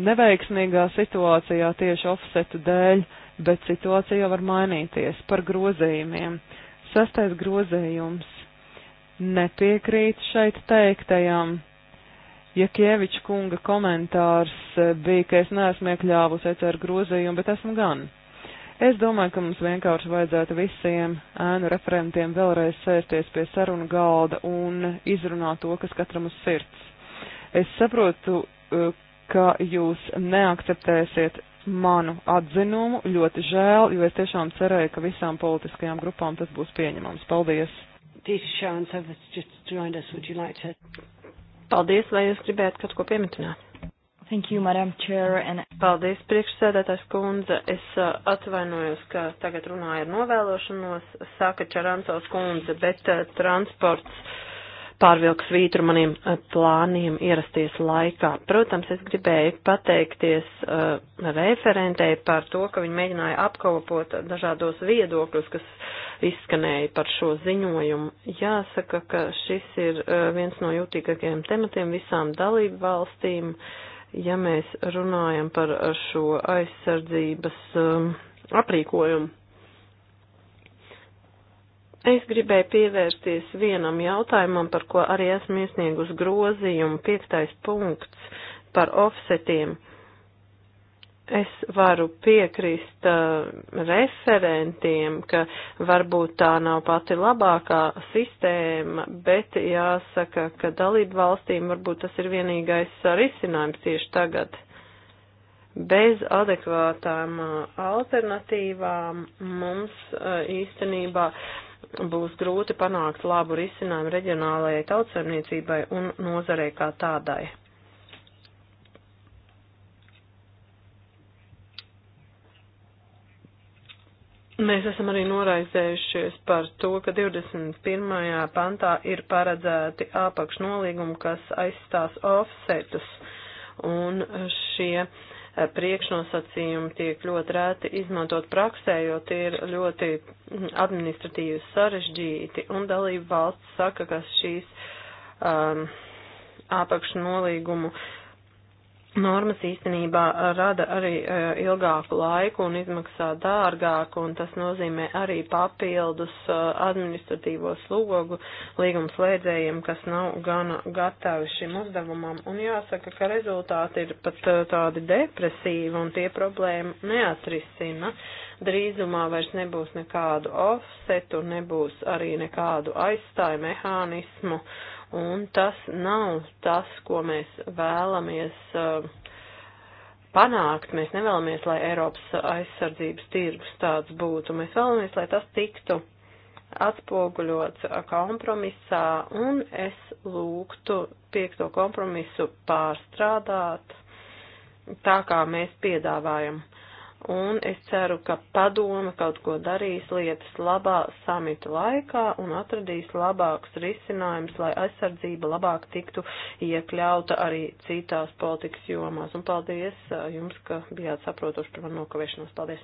neveiksmīgā situācijā tieši offsetu dēļ, bet situācija var mainīties par grozījumiem. Sastais grozījums nepiekrīt šeit teiktajam. Ja Kieviča kunga komentārs eh, bija, ka es neesmu iekļāvusi ECR grozījumu, bet esmu gan. Es domāju, ka mums vienkārši vajadzētu visiem ēnu referentiem vēlreiz sēsties pie sarunu galda un izrunāt to, kas katram uz sirds. Es saprotu, e, ka jūs neakceptēsiet manu atzinumu. Ļoti žēl, jo es tiešām cerēju, ka visām politiskajām grupām tas būs pieņemams. Paldies! Paldies, vai jūs gribētu kaut ko pieminēt? Thank you, Madam Chair. And... Paldies, priekšsēdētājs kundze. Es uh, atvainojos, ka tagad runāju ar novēlošanos, saka Čarantos kundze, bet uh, transports pārvilks vītru maniem uh, plāniem ierasties laikā. Protams, es gribēju pateikties uh, referentei par to, ka viņi mēģināja apkopot dažādos viedokļus, kas izskanēja par šo ziņojumu. Jāsaka, ka šis ir uh, viens no jūtīgākajiem tematiem visām dalību valstīm. Uh, ja mēs runājam par šo aizsardzības um, aprīkojumu. Es gribēju pievērsties vienam jautājumam, par ko arī esmu iesniegus grozījumu, piektais punkts par offsetiem. Uh, Es varu piekrist uh, referentiem, ka varbūt tā nav pati labākā sistēma, bet jāsaka, ka dalību valstīm varbūt tas ir vienīgais risinājums tieši tagad. Bez adekvātām uh, alternatīvām mums uh, īstenībā būs grūti panākt labu risinājumu reģionālajai tautsaimniecībai un nozarei kā tādai. Mēs esam arī noraizējušies par to, ka 21. pantā ir paredzēti apakšnolīgumi, kas aizstās offsetus, un šie eh, priekšnosacījumi tiek ļoti rēti izmantot praksē, jo tie ir ļoti mm, administratīvi sarežģīti, un dalība valsts saka, ka šīs um, apakšnolīgumu uh, normas īstenībā rada arī e, ilgāku laiku un izmaksā dārgāk, un tas nozīmē arī papildus e, administratīvo slogu līgumslēdzējiem, kas nav gana gatavi šim uzdevumam. Un jāsaka, ka rezultāti ir pat e, tādi depresīvi, un tie problēma neatrisina. Drīzumā vairs nebūs nekādu offsetu, nebūs arī nekādu aizstāju mehānismu, Un tas nav tas, ko mēs vēlamies uh, panākt. Mēs nevēlamies, lai Eiropas aizsardzības tirgus tāds būtu. Mēs vēlamies, lai tas tiktu atspoguļots kompromisā, un es lūgtu piekto kompromisu pārstrādāt tā, kā mēs piedāvājam un es ceru, ka padoma kaut ko darīs lietas labā samita laikā un atradīs labākus risinājumus, lai aizsardzība labāk tiktu iekļauta arī citās politikas jomās. Un paldies jums, ka bijāt saprotoši par manu nokavēšanos. Paldies!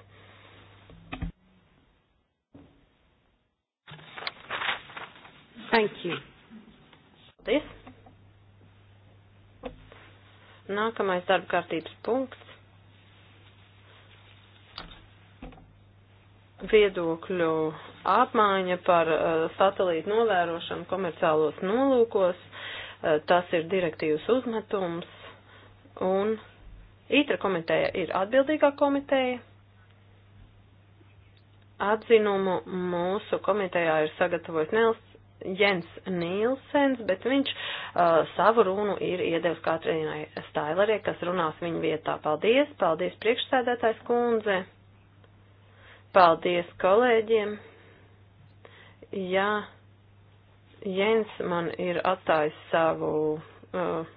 Thank you. Paldies. Nākamais darba kārtības punkts viedokļu apmaiņa par uh, satelītu novērošanu komerciālos nolūkos, uh, tas ir direktīvas uzmetums, un ITRA komiteja ir atbildīgā komiteja. Atzinumu mūsu komitejā ir sagatavojis Nels, Jens Nīlsens, bet viņš uh, savu runu ir iedevis Katrīnai Stailerē, kas runās viņa vietā. Paldies, paldies priekšsēdētājs kundze! Paldies kolēģiem. Jā, Jens man ir atstājis savu. Uh,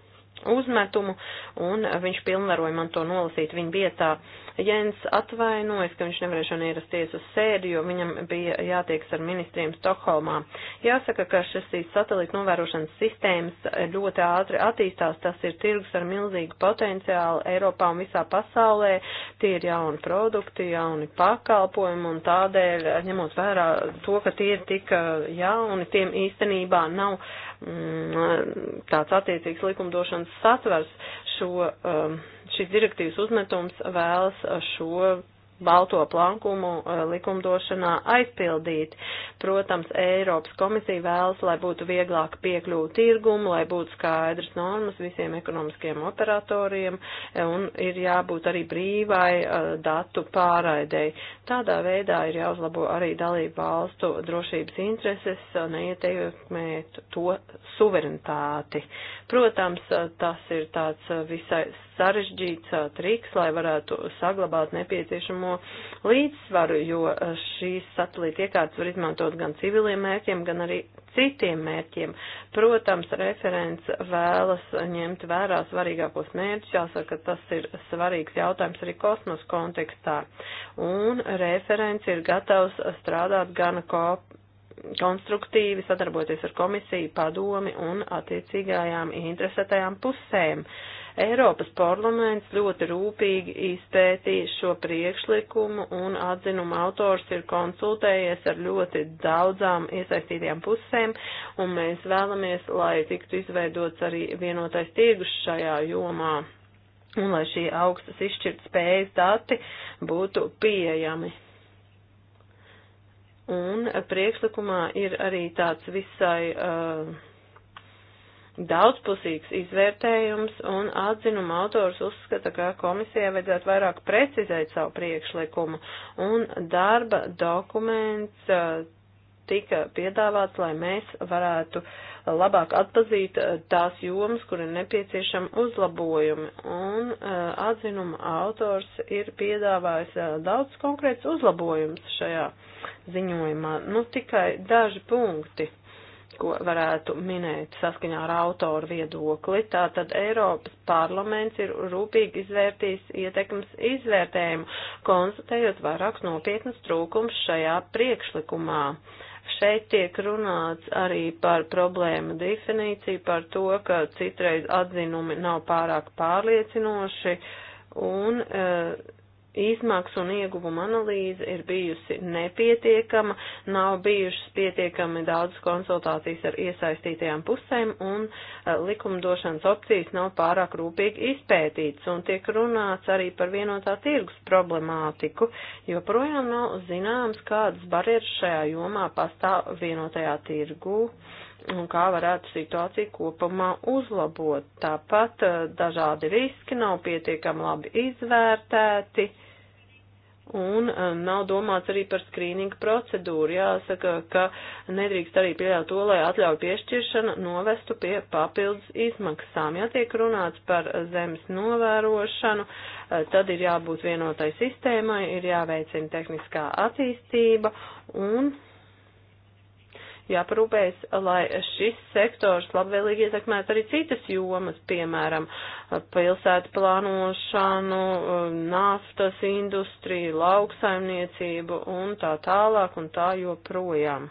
uzmetumu, un viņš pilnvaroja man to nolasīt viņa vietā. Jens atvainojas, ka viņš nevarēja šodien ierasties uz sēdi, jo viņam bija jātieks ar ministriem Stokholmā. Jāsaka, ka šis satelīta novērošanas sistēmas ļoti ātri attīstās, tas ir tirgus ar milzīgu potenciālu Eiropā un visā pasaulē, tie ir jauni produkti, jauni pakalpojumi, un tādēļ, ņemot vērā to, ka tie ir tik eh, jauni, tiem īstenībā nav uh, Mm, tāds attiecīgs likumdošanas satvers šo, um, šīs direktīvas uzmetums vēlas šo balto plankumu eh, likumdošanā aizpildīt. Protams, Eiropas komisija vēlas, lai būtu vieglāk piekļūt tirgumu, lai būtu skaidrs normas visiem ekonomiskiem operatoriem eh, un ir jābūt arī brīvai eh, datu pārraidēji. Tādā veidā ir jāuzlabo arī dalību valstu drošības intereses, neietekmēt to suverenitāti. Protams, tas ir tāds visai sarežģīts triks, lai varētu saglabāt nepieciešamo nepieciešamo līdzsvaru, jo e, šīs satelīta iekārtas var izmantot gan civiliem mērķiem, gan arī citiem mērķiem. Protams, referents vēlas ņemt vērā svarīgākos mērķus, jāsaka, ka tas ir svarīgs jautājums arī kosmos kontekstā. Un referents ir gatavs strādāt gan kop konstruktīvi sadarboties ar komisiju, padomi un attiecīgajām interesētajām pusēm. Uh, Eiropas parlaments ļoti rūpīgi izpētīja šo priekšlikumu un atzinuma autors ir konsultējies ar ļoti daudzām iesaistītajām pusēm un mēs vēlamies, lai tiktu izveidots arī vienotais tirgus šajā jomā un lai šie augstas izšķirtspējas dati būtu pieejami. Un priekšlikumā ir arī tāds visai uh, Daudzpusīgs izvērtējums un atzinuma autors uzskata, ka komisijai vajadzētu vairāk precizēt savu priekšlikumu un darba dokuments uh, tika piedāvāts, lai mēs varētu labāk atpazīt uh, tās jomas, kur ir nepieciešama uzlabojumi. Un uh, atzinuma autors ir piedāvājis daudz konkrēts uzlabojums šajā ziņojumā. Nu, tikai daži punkti ko varētu minēt saskaņā ar autoru viedokli. Tātad Eiropas parlaments ir rūpīgi izvērtījis ietekmes izvērtējumu, konstatējot vairākus nopietnus trūkums šajā priekšlikumā. Šeit tiek runāts arī par problēmu definīciju, par to, ka citreiz atzinumi nav pārāk pārliecinoši un. Uh, izmaksu un ieguvumu analīze ir bijusi nepietiekama, nav bijušas pietiekami daudz konsultācijas ar iesaistītajām pusēm un eh, likumdošanas opcijas nav pārāk rūpīgi izpētītas un tiek runāts arī par vienotā tirgus problemātiku, jo projām nav zināms, kādas barjeras šajā jomā pastāv vienotajā tirgū un kā varētu situāciju kopumā uzlabot. Tāpat eh, dažādi riski nav pietiekami labi izvērtēti un eh, nav domāts arī par skrīningu procedūru. Jāsaka, ka nedrīkst arī pieļaut to, lai atļauju piešķiršana novestu pie papildus izmaksām. Ja tiek runāts par zemes novērošanu, eh, tad ir jābūt vienotai sistēmai, ir jāveicina tehniskā attīstība un jāparūpējas, lai šis sektors labvēlīgi ietekmētu arī citas jomas, piemēram, pilsētu plānošanu, naftas industriju, lauksaimniecību un tā tālāk un tā joprojām.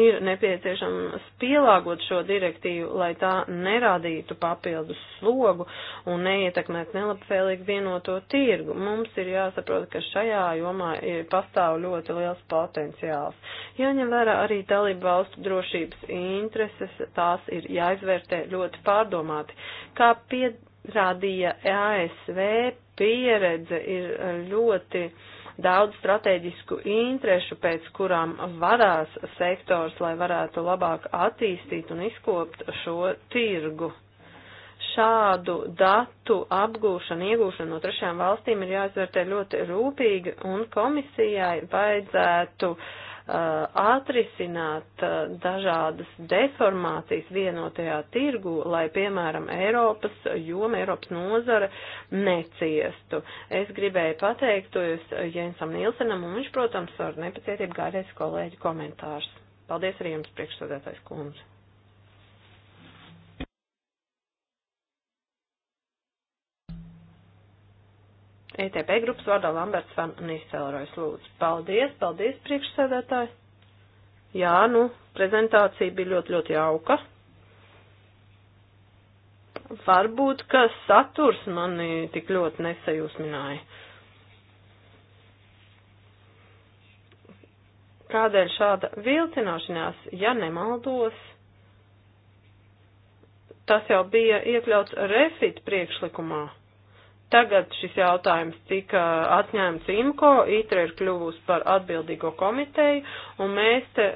ir nepieciešams pielāgot šo direktīvu, lai tā nerādītu papildus slogu un neietekmētu nelabvēlīgi vienoto tirgu. Mums ir jāsaprot, ka šajā jomā pastāv ļoti liels potenciāls. Jāņem vērā arī dalību valstu drošības intereses, tās ir jāizvērtē ļoti pārdomāti. Kā pierādīja ASV, pieredze ir eh, ļoti daudz strateģisku interešu, pēc kurām varās sektors, lai varētu labāk attīstīt un izkopt šo tirgu. Šādu datu apgūšana, iegūšana no trešām valstīm ir jāizvērtē ļoti rūpīgi, un komisijai vajadzētu uh, Uh, atrisināt uh, dažādas deformācijas vienotajā tirgu, lai, piemēram, Eiropas joma, Eiropas nozara neciestu. Es gribēju pateikt to jūs Jensam Nilsenam, un viņš, protams, ar nepacietību gaidēs kolēģi komentārus. Paldies arī jums, priekšsādātais kundze. ETP grupas vārdā Lamberts van Nīselrojas lūdzu. Paldies, paldies, priekšsēdētāji. Jā, nu, prezentācija bija ļoti, ļoti jauka. Varbūt, ka saturs mani tik ļoti nesajūsmināja. Kādēļ šāda vilcināšanās, ja nemaldos, tas jau bija iekļauts refit priekšlikumā? Tagad šis jautājums tika atņēmts IMCO, ITRE ir kļuvusi par atbildīgo komiteju, un mēs te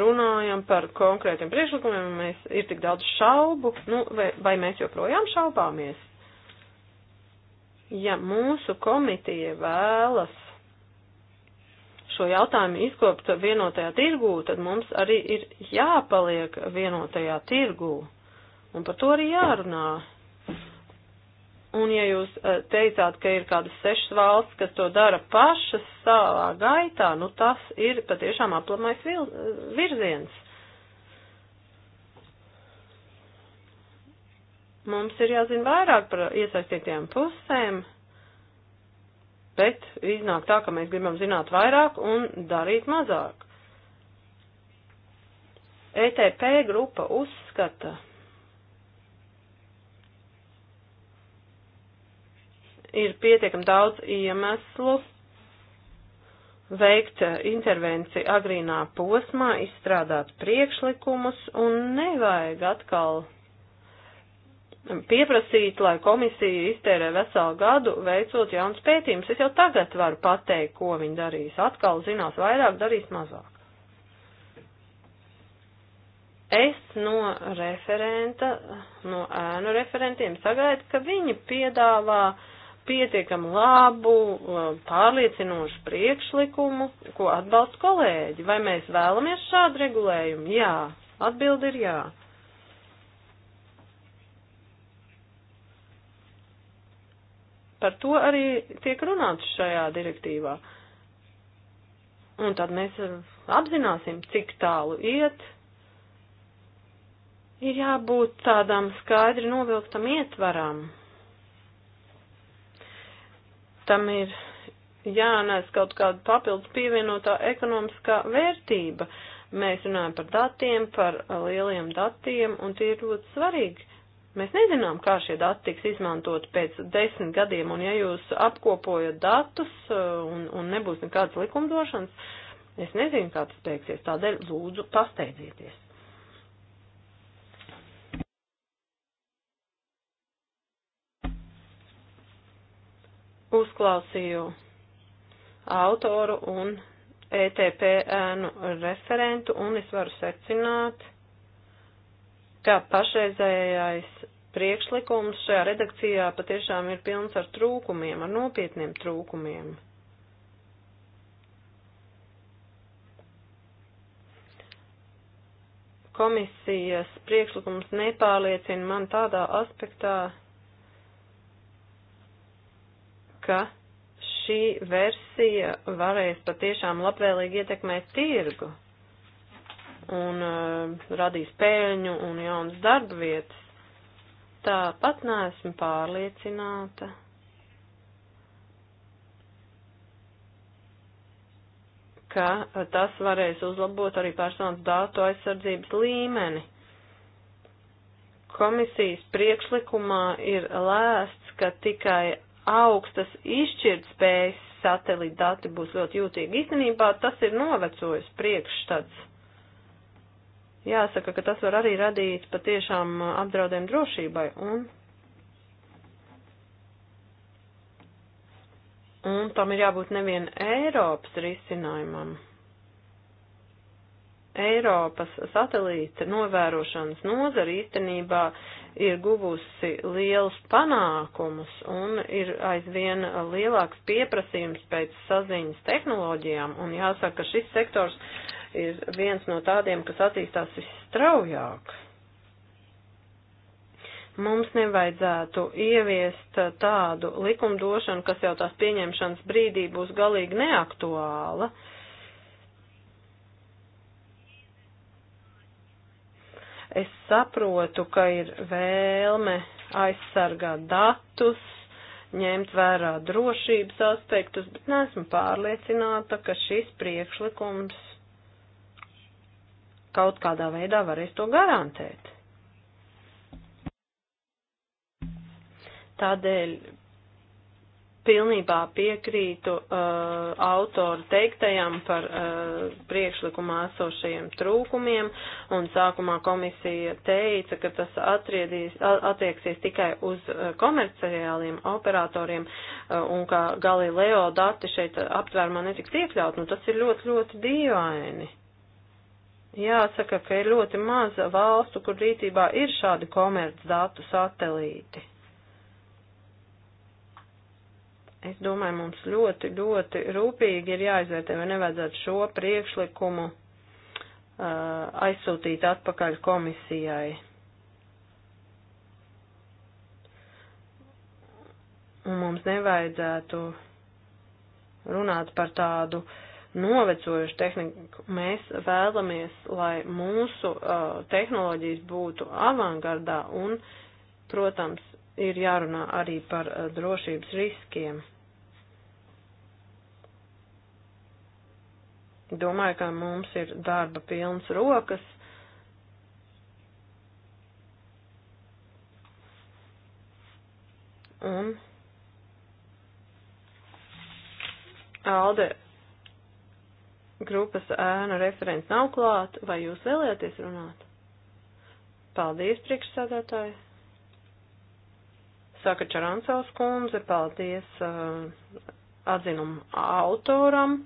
runājam par konkrētiem priekšlikumiem, mēs ir tik daudz šaubu, nu, vai, vai mēs joprojām šaubāmies? Ja mūsu komitija vēlas šo jautājumu izkopt vienotajā tirgū, tad mums arī ir jāpaliek vienotajā tirgū, un par to arī jārunā. Un ja jūs eh, teicāt, ka ir kādas sešas valsts, kas to dara pašas savā gaitā, nu tas ir patiešām aplamais eh, virziens. Mums ir jāzina vairāk par iesaistītajām pusēm, bet iznāk tā, ka mēs gribam zināt vairāk un darīt mazāk. ETP grupa uzskata, ir pietiekam daudz iemeslu veikt intervenciju agrīnā posmā, izstrādāt priekšlikumus un nevajag atkal pieprasīt, lai komisija iztērē veselu gadu, veicot jauns pētījums. Es jau tagad varu pateikt, ko viņi darīs. Atkal zinās vairāk, darīs mazāk. Es no referenta, no ēnu referentiem sagaidu, ka viņi piedāvā uh, pietiekam labu, pārliecinošu priekšlikumu, ko atbalsta kolēģi. Vai mēs vēlamies šādu regulējumu? Jā, atbildi ir jā. Par to arī tiek runāts šajā direktīvā. Un tad mēs apzināsim, cik tālu iet. Ir jābūt tādām skaidri novilktam ietvaram tam ir jānes kaut kāda papildus pievienotā ekonomiskā vērtība. Mēs runājam par datiem, par uh, lieliem datiem, un tie ir ļoti svarīgi. Mēs nezinām, kā šie dati tiks izmantot pēc desmit gadiem, un ja jūs apkopojat datus uh, un, un nebūs nekādas likumdošanas, es nezinu, kā tas beigsies. Tādēļ lūdzu pasteidzieties. uzklausīju autoru un ETP ēnu referentu, un es varu secināt, ka pašreizējais priekšlikums šajā redakcijā patiešām ir pilns ar trūkumiem, ar nopietniem trūkumiem. Komisijas priekšlikums nepārliecina man tādā aspektā, ka šī versija varēs patiešām labvēlīgi ietekmēt tirgu un uh, radīs pēļņu un jaunas darba vietas. Tāpat neesmu pārliecināta. ka tas varēs uzlabot arī personas datu aizsardzības līmeni. Komisijas priekšlikumā ir lēsts, ka tikai augstas izšķirtspējas satelīta dati būs ļoti jūtīgi. Īstenībā tas ir novecojis priekšstats. Jāsaka, ka tas var arī radīt patiešām apdraudējumu drošībai un. Un tam ir jābūt nevien Eiropas risinājumam. Eiropas satelīta novērošanas nozara īstenībā uh, ir guvusi liels panākumus un ir aizvien lielāks pieprasījums pēc saziņas tehnoloģijām, un jāsaka, ka šis sektors ir viens no tādiem, kas attīstās visstraujāk. Mums nevajadzētu ieviest tādu likumdošanu, kas jau tās pieņemšanas brīdī būs galīgi neaktuāla. Uh, Es saprotu, ka ir vēlme aizsargāt datus, ņemt vērā drošības aspektus, bet neesmu pārliecināta, ka šis priekšlikums kaut kādā veidā varēs to garantēt. Tādēļ pilnībā piekrītu uh, autoru teiktajam par uh, priekšlikumā esošajiem trūkumiem, un sākumā komisija teica, ka tas atriedīs, attieksies tikai uz uh, komerciāliem operatoriem, uh, un ka Galileo dati šeit aptvērumā netiks iekļaut, nu tas ir ļoti, ļoti dīvaini. Jāsaka, ka ir ļoti maz valstu, kur rītībā ir šādi komercdatu satelīti. Es domāju, mums ļoti, ļoti rūpīgi ir jāizvērtē, vai nevajadzētu šo priekšlikumu uh, aizsūtīt atpakaļ komisijai. Un mums nevajadzētu runāt par tādu novecojušu tehniku. Mēs vēlamies, lai mūsu uh, tehnoloģijas būtu avangardā un, protams, ir jārunā arī par eh, drošības riskiem. Domāju, ka mums ir darba pilns rokas. Un Alde grupas ēna referents nav klāt, vai jūs vēlēties runāt? Paldies, priekšsādātāji! saka Čarancovs kundze, paldies uh, atzinumu autoram.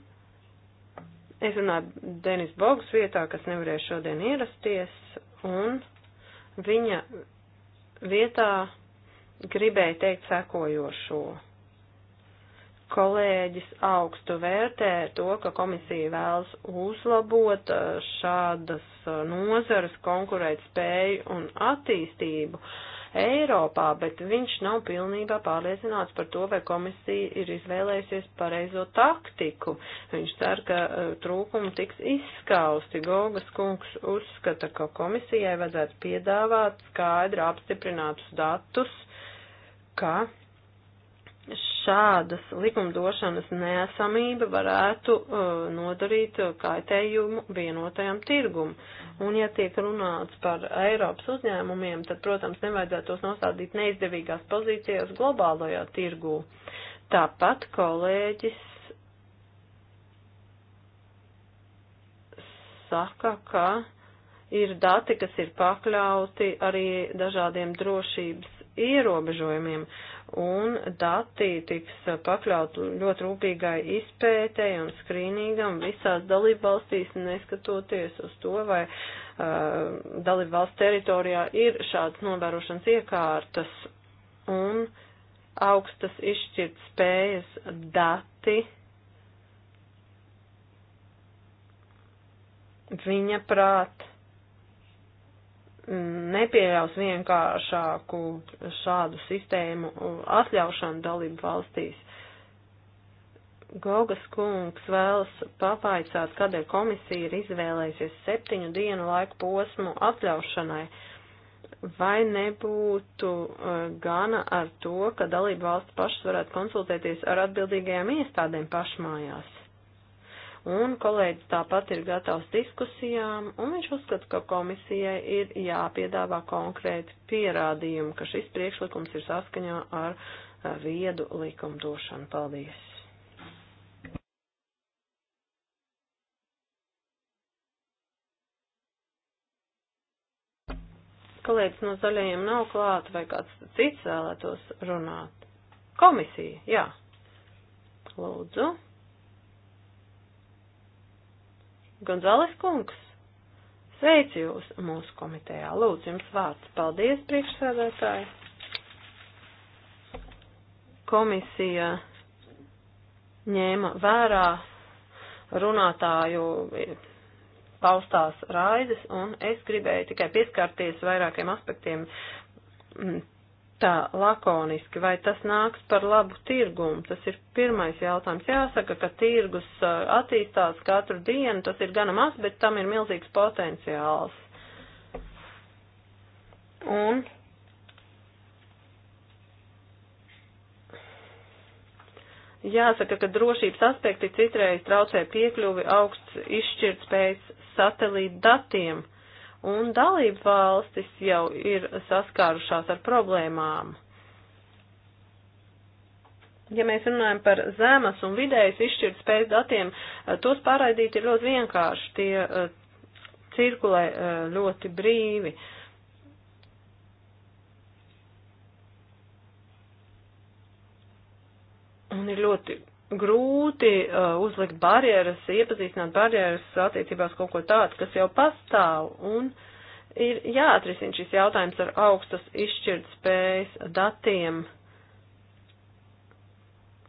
Es runāju Denis Bogs vietā, kas nevarēja šodien ierasties, un viņa vietā gribēja teikt sekojošo. Kolēģis augstu vērtē to, ka komisija vēlas uzlabot uh, šādas uh, nozares konkurēt spēju un attīstību. Uh, Eiropā, bet viņš nav pilnībā pārliecināts par to, vai komisija ir izvēlējusies pareizo taktiku. Viņš cer, ka e, trūkumi tiks izskausti. Gogas kungs uzskata, ka komisijai vajadzētu piedāvāt skaidri apstiprinātus datus, ka šādas likumdošanas neesamība varētu uh, nodarīt kaitējumu vienotajam tirgum. Un, ja tiek runāts par Eiropas uzņēmumiem, tad, protams, nevajadzētu tos nostādīt neizdevīgās pozīcijās globālajā tirgū. Tāpat kolēģis saka, ka ir dati, kas ir pakļauti arī dažādiem drošības ierobežojumiem, un dati tiks pakļaut ļoti rūpīgai izpētē un skrīnīgam visās dalībvalstīs, neskatoties uz to, vai uh, dalībvalsts teritorijā ir šādas novērošanas iekārtas un augstas izšķirt spējas dati. Viņa prāt nepieļaus vienkāršāku šādu sistēmu atļaušanu dalību valstīs. Gogas kungs vēlas papaicāt, kādēļ komisija ir izvēlējusies septiņu dienu laiku posmu atļaušanai. Vai nebūtu e, gana ar to, ka dalību valsts pašas varētu konsultēties ar atbildīgajām iestādēm pašmājās? un kolēģis tāpat ir gatavs diskusijām, un viņš uzskata, ka komisijai ir jāpiedāvā konkrēti pierādījumi, ka šis priekšlikums ir saskaņā ar viedu likumdošanu. Paldies! Kolēģis no zaļajiem nav klāt, vai kāds cits vēlētos runāt? Komisija, jā. Lūdzu. Gonzales kungs, sveicu jūs mūsu komitejā. Lūdzu, jums vārds. Paldies, priekšsēdētāji. Komisija ņēma vērā runātāju paustās raizes, un es gribēju tikai pieskarties vairākiem aspektiem tā lakoniski, vai tas nāks par labu tirgumu? Tas ir pirmais jautājums. Jāsaka, ka tirgus attīstās katru dienu, tas ir gana maz, bet tam ir milzīgs potenciāls. Un jāsaka, ka drošības aspekti citreiz traucē piekļuvi augsts izšķirtspējas satelīta datiem un dalību valstis jau ir saskārušās ar problēmām. Ja mēs runājam par zemes un vidējas izšķirtspējas datiem, eh, tos pārraidīt ir ļoti vienkārši, tie eh, cirkulē eh, ļoti brīvi. Un ir ļoti grūti uh, uzlikt barjeras, iepazīstināt barjeras attiecībās kaut ko tādu, kas jau pastāv. Un ir jāatrisina šis jautājums ar augstas izšķirtspējas datiem.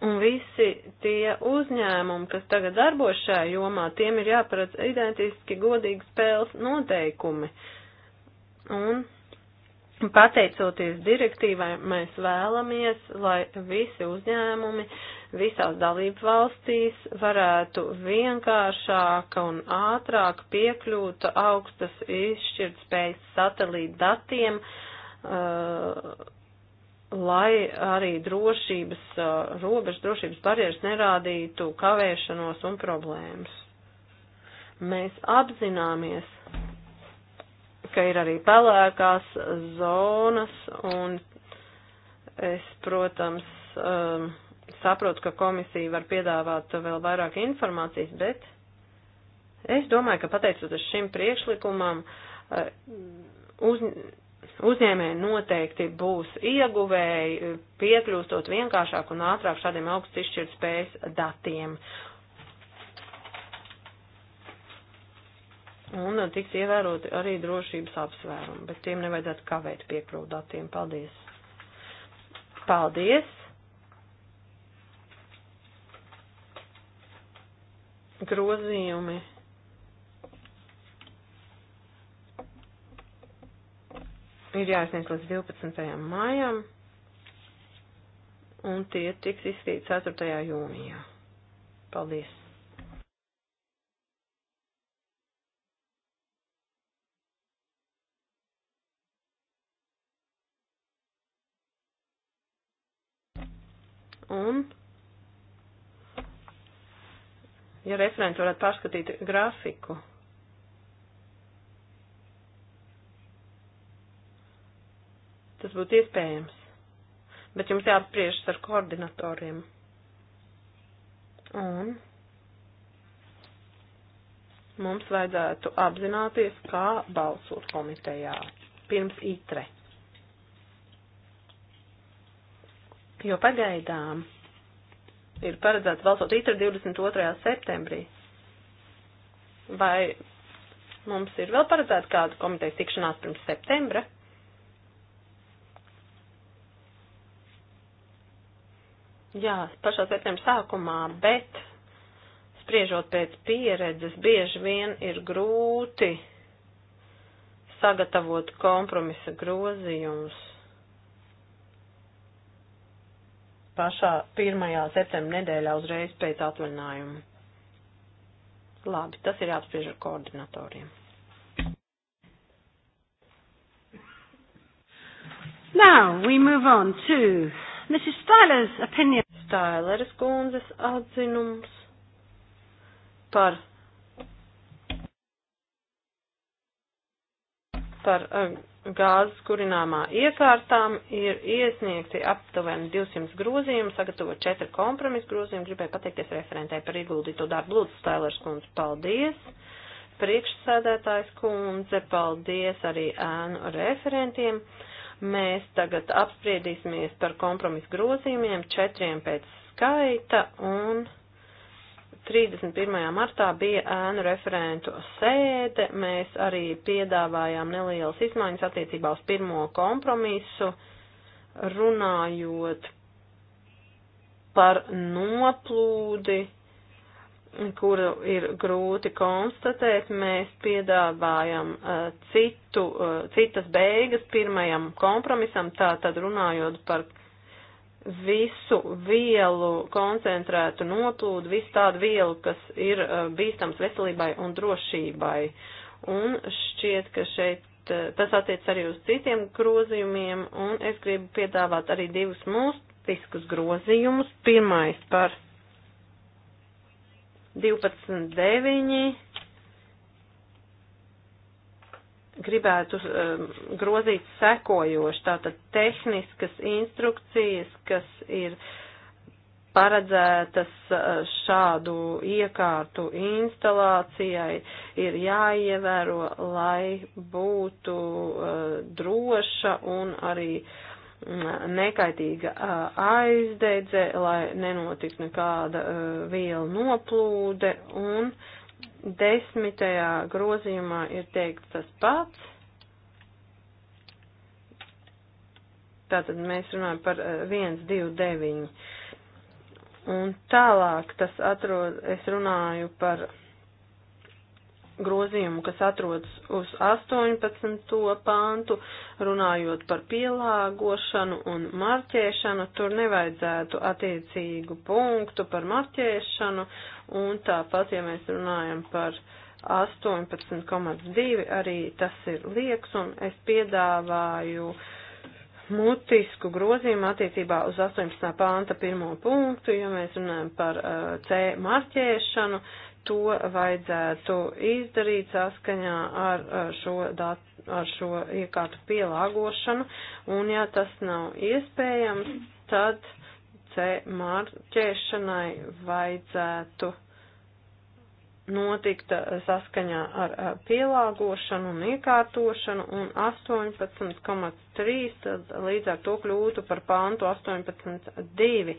Un visi tie uzņēmumi, kas tagad darbojas šajā jomā, tiem ir jāparedz identiski godīgi spēles noteikumi. Un pateicoties direktīvai, mēs vēlamies, lai visi uzņēmumi visās dalību valstīs varētu vienkāršāk un ātrāk piekļūt augstas izšķirtspējas satelīta datiem, uh, lai arī drošības, uh, robežas drošības barjeras nerādītu kavēšanos un problēmas. Mēs apzināmies, ka ir arī pelēkās zonas, un es, protams, um, saprotu, ka komisija var piedāvāt vēl vairāk informācijas, bet es domāju, ka pateicoties šim priekšlikumam, eh, uz, uzņēmēji noteikti būs ieguvēji, piekļūstot vienkāršāk un ātrāk šādiem augsts izšķirtspējas datiem. Un tiks ievēroti arī drošības apsvērumi, bet tiem nevajadzētu kavēt piekļūt datiem. Paldies! Paldies! grozījumi. Ir jāiesniedz līdz 12. maijam, un tie tiks izskatīti 4. jūnijā. Paldies! Un ja referenti varētu pārskatīt grafiku. Tas būtu iespējams. Bet jums jāapspriežas ar koordinatoriem. Un mums vajadzētu apzināties, kā balsot komitejā pirms itre. Jo pagaidām ir paredzēts balsot itra 22. septembrī. Vai mums ir vēl paredzēta kāda komitejas tikšanās pirms septembra? Jā, pašā septembra sākumā, bet spriežot pēc pieredzes, bieži vien ir grūti sagatavot kompromisa grozījumus. pašā 1. septembra nedēļā uzreiz pēc atvaļinājuma. Labi, tas ir jāapspriež ar koordinatoriem. Now we move on to Mrs. Styler's opinion. Styler's kundzes atzinums par par um, gāzes kurināmā iekārtām ir iesniegti aptuveni 200 grozījumi, sagatavot 4 kompromisu grozījumu. Gribēju pateikties referentē par ieguldīto darbu. Lūdzu, Stailers kundze, paldies! Priekšsēdētājs kundze, paldies arī ēnu referentiem. Mēs tagad apspriedīsimies par kompromisu grozījumiem četriem pēc skaita un 31. martā bija ēnu referentu sēde, mēs arī piedāvājām nelielas izmaiņas attiecībā uz pirmo kompromisu, runājot par noplūdi, kuru ir grūti konstatēt, mēs piedāvājam eh, citu, eh, citas beigas pirmajam kompromisam, tā tad runājot par visu vielu koncentrētu noplūdu, visu tādu vielu, kas ir uh, bīstams veselībai un drošībai. Un šķiet, ka šeit uh, tas attiec arī uz citiem grozījumiem, un es gribu piedāvāt arī divus mūstiskus grozījumus. Pirmais par 12.9 gribētu um, grozīt sekojoši, tātad tehniskas instrukcijas, kas ir paredzētas uh, šādu iekārtu instalācijai, ir jāievēro, lai būtu uh, droša un arī mm, uh, nekaitīga aizdedze, lai nenotiktu nekāda uh, viela noplūde un Desmitajā grozījumā ir teikts tas pats. Tātad mēs runājam par 1, 2, 9. Un tālāk tas atrod, es runāju par grozījumu, kas atrodas uz 18. pāntu, runājot par pielāgošanu un marķēšanu, tur nevajadzētu attiecīgu punktu par marķēšanu, Un tāpat, ja mēs runājam par 18,2, arī tas ir lieks, un es piedāvāju mutisku grozījumu attiecībā uz 18. pānta pirmo punktu, ja mēs runājam par uh, C marķēšanu, to vajadzētu izdarīt saskaņā ar eh, šo, dat, ar šo iekārtu pielāgošanu, un ja tas nav iespējams, tad C marķēšanai vajadzētu notikta saskaņā ar pielāgošanu un iekārtošanu, un 18,3 tad līdz ar to kļūtu par pāntu 18,2,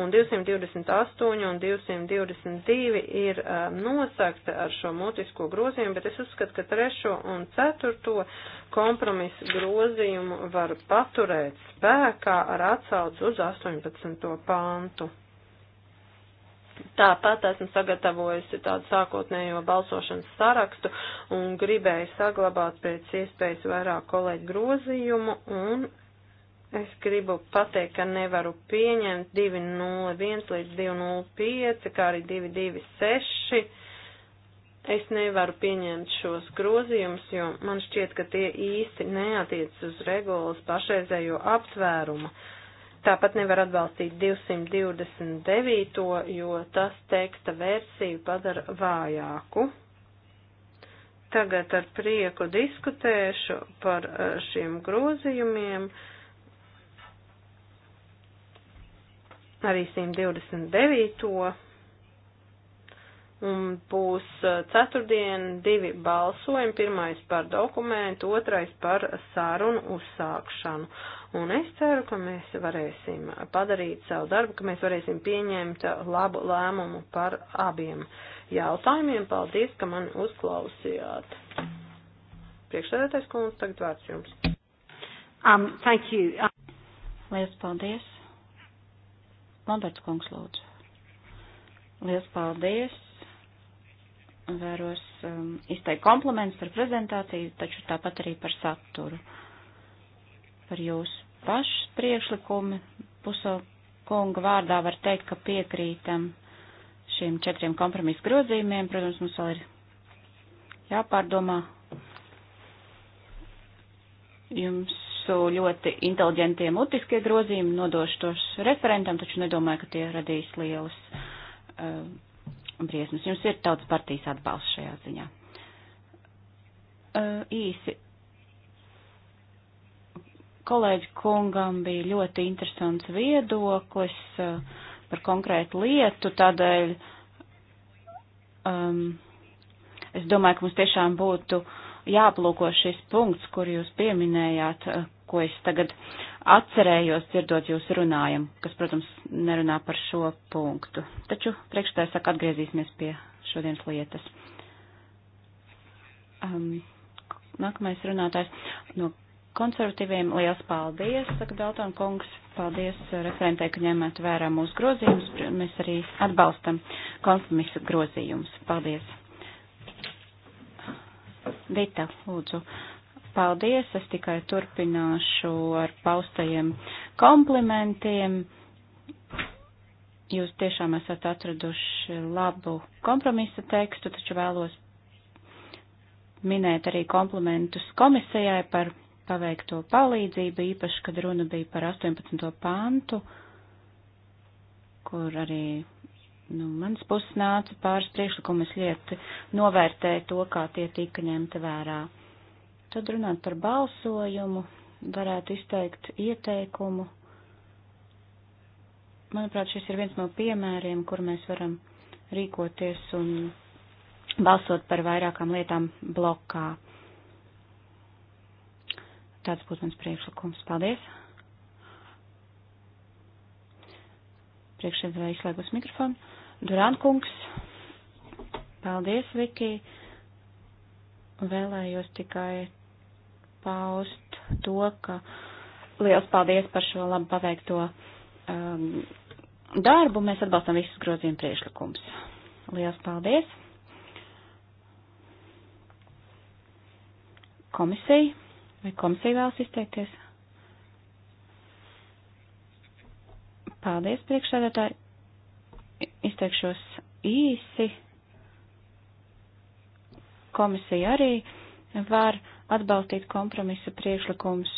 un 228 un 222 ir nosakta ar šo mutisko grozījumu, bet es uzskatu, ka trešo un ceturto kompromisu grozījumu var paturēt spēkā ar atsaucu uz 18. pāntu. Tāpat esmu sagatavojusi tādu sākotnējo balsošanas sarakstu un gribēju saglabāt pēc iespējas vairāk kolēģu grozījumu un es gribu pateikt, ka nevaru pieņemt 201 līdz 205, kā arī 226. Es nevaru pieņemt šos grozījumus, jo man šķiet, ka tie īsti neatiec uz regulas pašreizējo aptvērumu. Uh, Tāpat nevar atbalstīt 229, jo tas teksta versiju padara vājāku. Tagad ar prieku diskutēšu par eh, šiem grozījumiem. Arī 129. Un būs eh, ceturtdien divi balsojumi, pirmais par dokumentu, otrais par sārunu uzsākšanu. Un es ceru, ka mēs varēsim padarīt savu darbu, ka mēs varēsim pieņemt labu lēmumu par abiem jautājumiem. Paldies, ka mani uzklausījāt. Priekšsēdētais kundze, tagad vārds jums. Um, thank you. Um... Lielas paldies. Lamberts kungs lūdzu. Lielas paldies vēros um, izteikt komplimentus par prezentāciju, taču tāpat arī par saturu par jūsu pašu priekšlikumu. Puso kunga vārdā var teikt, ka piekrītam šiem četriem kompromisu grozījumiem. Protams, mums vēl ir jāpārdomā jums ļoti inteliģentie mutiskie grozījumi, nodošu tos referentam, taču nedomāju, ka tie radīs lielas uh, briesmas. Jums ir tautas partijas atbalsts šajā ziņā. Uh, īsi kolēģi kungam bija ļoti interesants viedoklis uh, par konkrētu lietu, tādēļ um, es domāju, ka mums tiešām būtu jāplūko šis punkts, kur jūs pieminējāt, uh, ko es tagad atcerējos dzirdot jūs runājam, kas, protams, nerunā par šo punktu. Taču priekšstāj saka, atgriezīsimies pie šodienas lietas. Um, nākamais runātājs no konservatīviem liels paldies, saka Dalton kungs. Paldies referentē, ka ņemāt vērā mūsu grozījumus. Mēs arī atbalstam kompromisa grozījumus. Paldies. Dita, lūdzu. Paldies, es tikai turpināšu ar paustajiem komplimentiem. Jūs tiešām esat atraduši labu kompromisa tekstu, taču vēlos minēt arī komplimentus komisijai par paveikto palīdzību, īpaši, kad runa bija par 18. pantu, kur arī nu, manas puses nāca pāris priekšlikumu, es lieti novērtēju to, kā tie tika ņemti vērā. Tad runāt par balsojumu, varētu izteikt ieteikumu. Manuprāt, šis ir viens no piemēriem, kur mēs varam rīkoties un balsot par vairākām lietām blokā. Tāds būtu mans priekšlikums. Paldies! Priekšsēdētāji izslēgus mikrofonu. Durantkungs, paldies, Viki! Vēlējos tikai paust to, ka liels paldies par šo labi paveikto um, darbu. Mēs atbalstam visus grozījumu priekšlikumus. Liels paldies! Komisija. Vai komisija vēlas izteikties? Paldies, priekšsēdētāji. Izteikšos īsi. Komisija arī var atbalstīt kompromisa priekšlikums.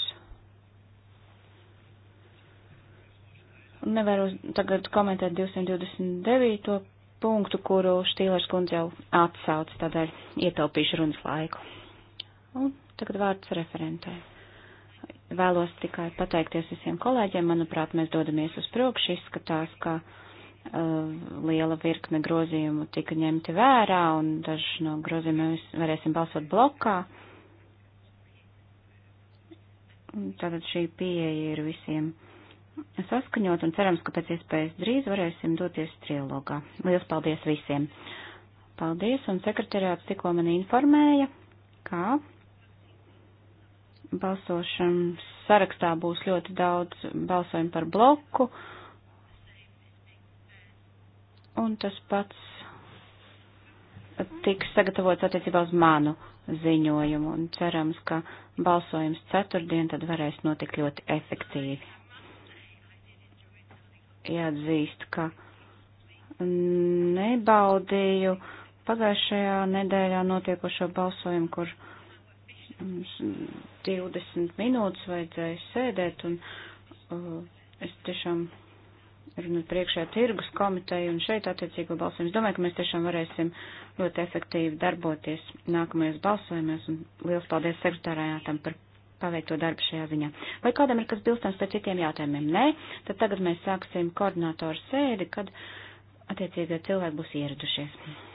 Nevaru tagad komentēt 229. punktu, kuru Štīlers kundze jau atsauc, tādēļ ietaupīšu runas laiku. Un Tagad vārds referentē. Vēlos tikai pateikties visiem kolēģiem. Manuprāt, mēs dodamies uz priekšu. Izskatās, ka uh, liela virkne grozījumu tika ņemti vērā un daži no grozījumiem mēs varēsim balsot blokā. Tātad šī pieeja ir visiem saskaņot un cerams, ka pēc iespējas drīz varēsim doties trilogā. Lielas paldies visiem! Paldies, un sekretariāts tikko mani informēja, kā balsošanas sarakstā būs ļoti daudz balsojumu par bloku. Un tas pats tiks sagatavots attiecībā uz manu ziņojumu un cerams, ka balsojums ceturtdien tad varēs notikt ļoti efektīvi. Jāatzīst, ka nebaudīju pagājušajā nedēļā notiekošo balsojumu, kur Mums 20 minūtes vajadzēja sēdēt, un uh, es tiešām runu priekšā tirgus komiteju un šeit attiecīgo balsojumu. Es domāju, ka mēs tiešām varēsim ļoti efektīvi darboties nākamajos balsojumos, un liels paldies sekretārājātam par paveikto darbu šajā ziņā. Vai kādam ir kas bilstams par citiem jautājumiem? Nē, tad tagad mēs sāksim koordinātoru sēdi, kad attiecīgie cilvēki būs ieradušies.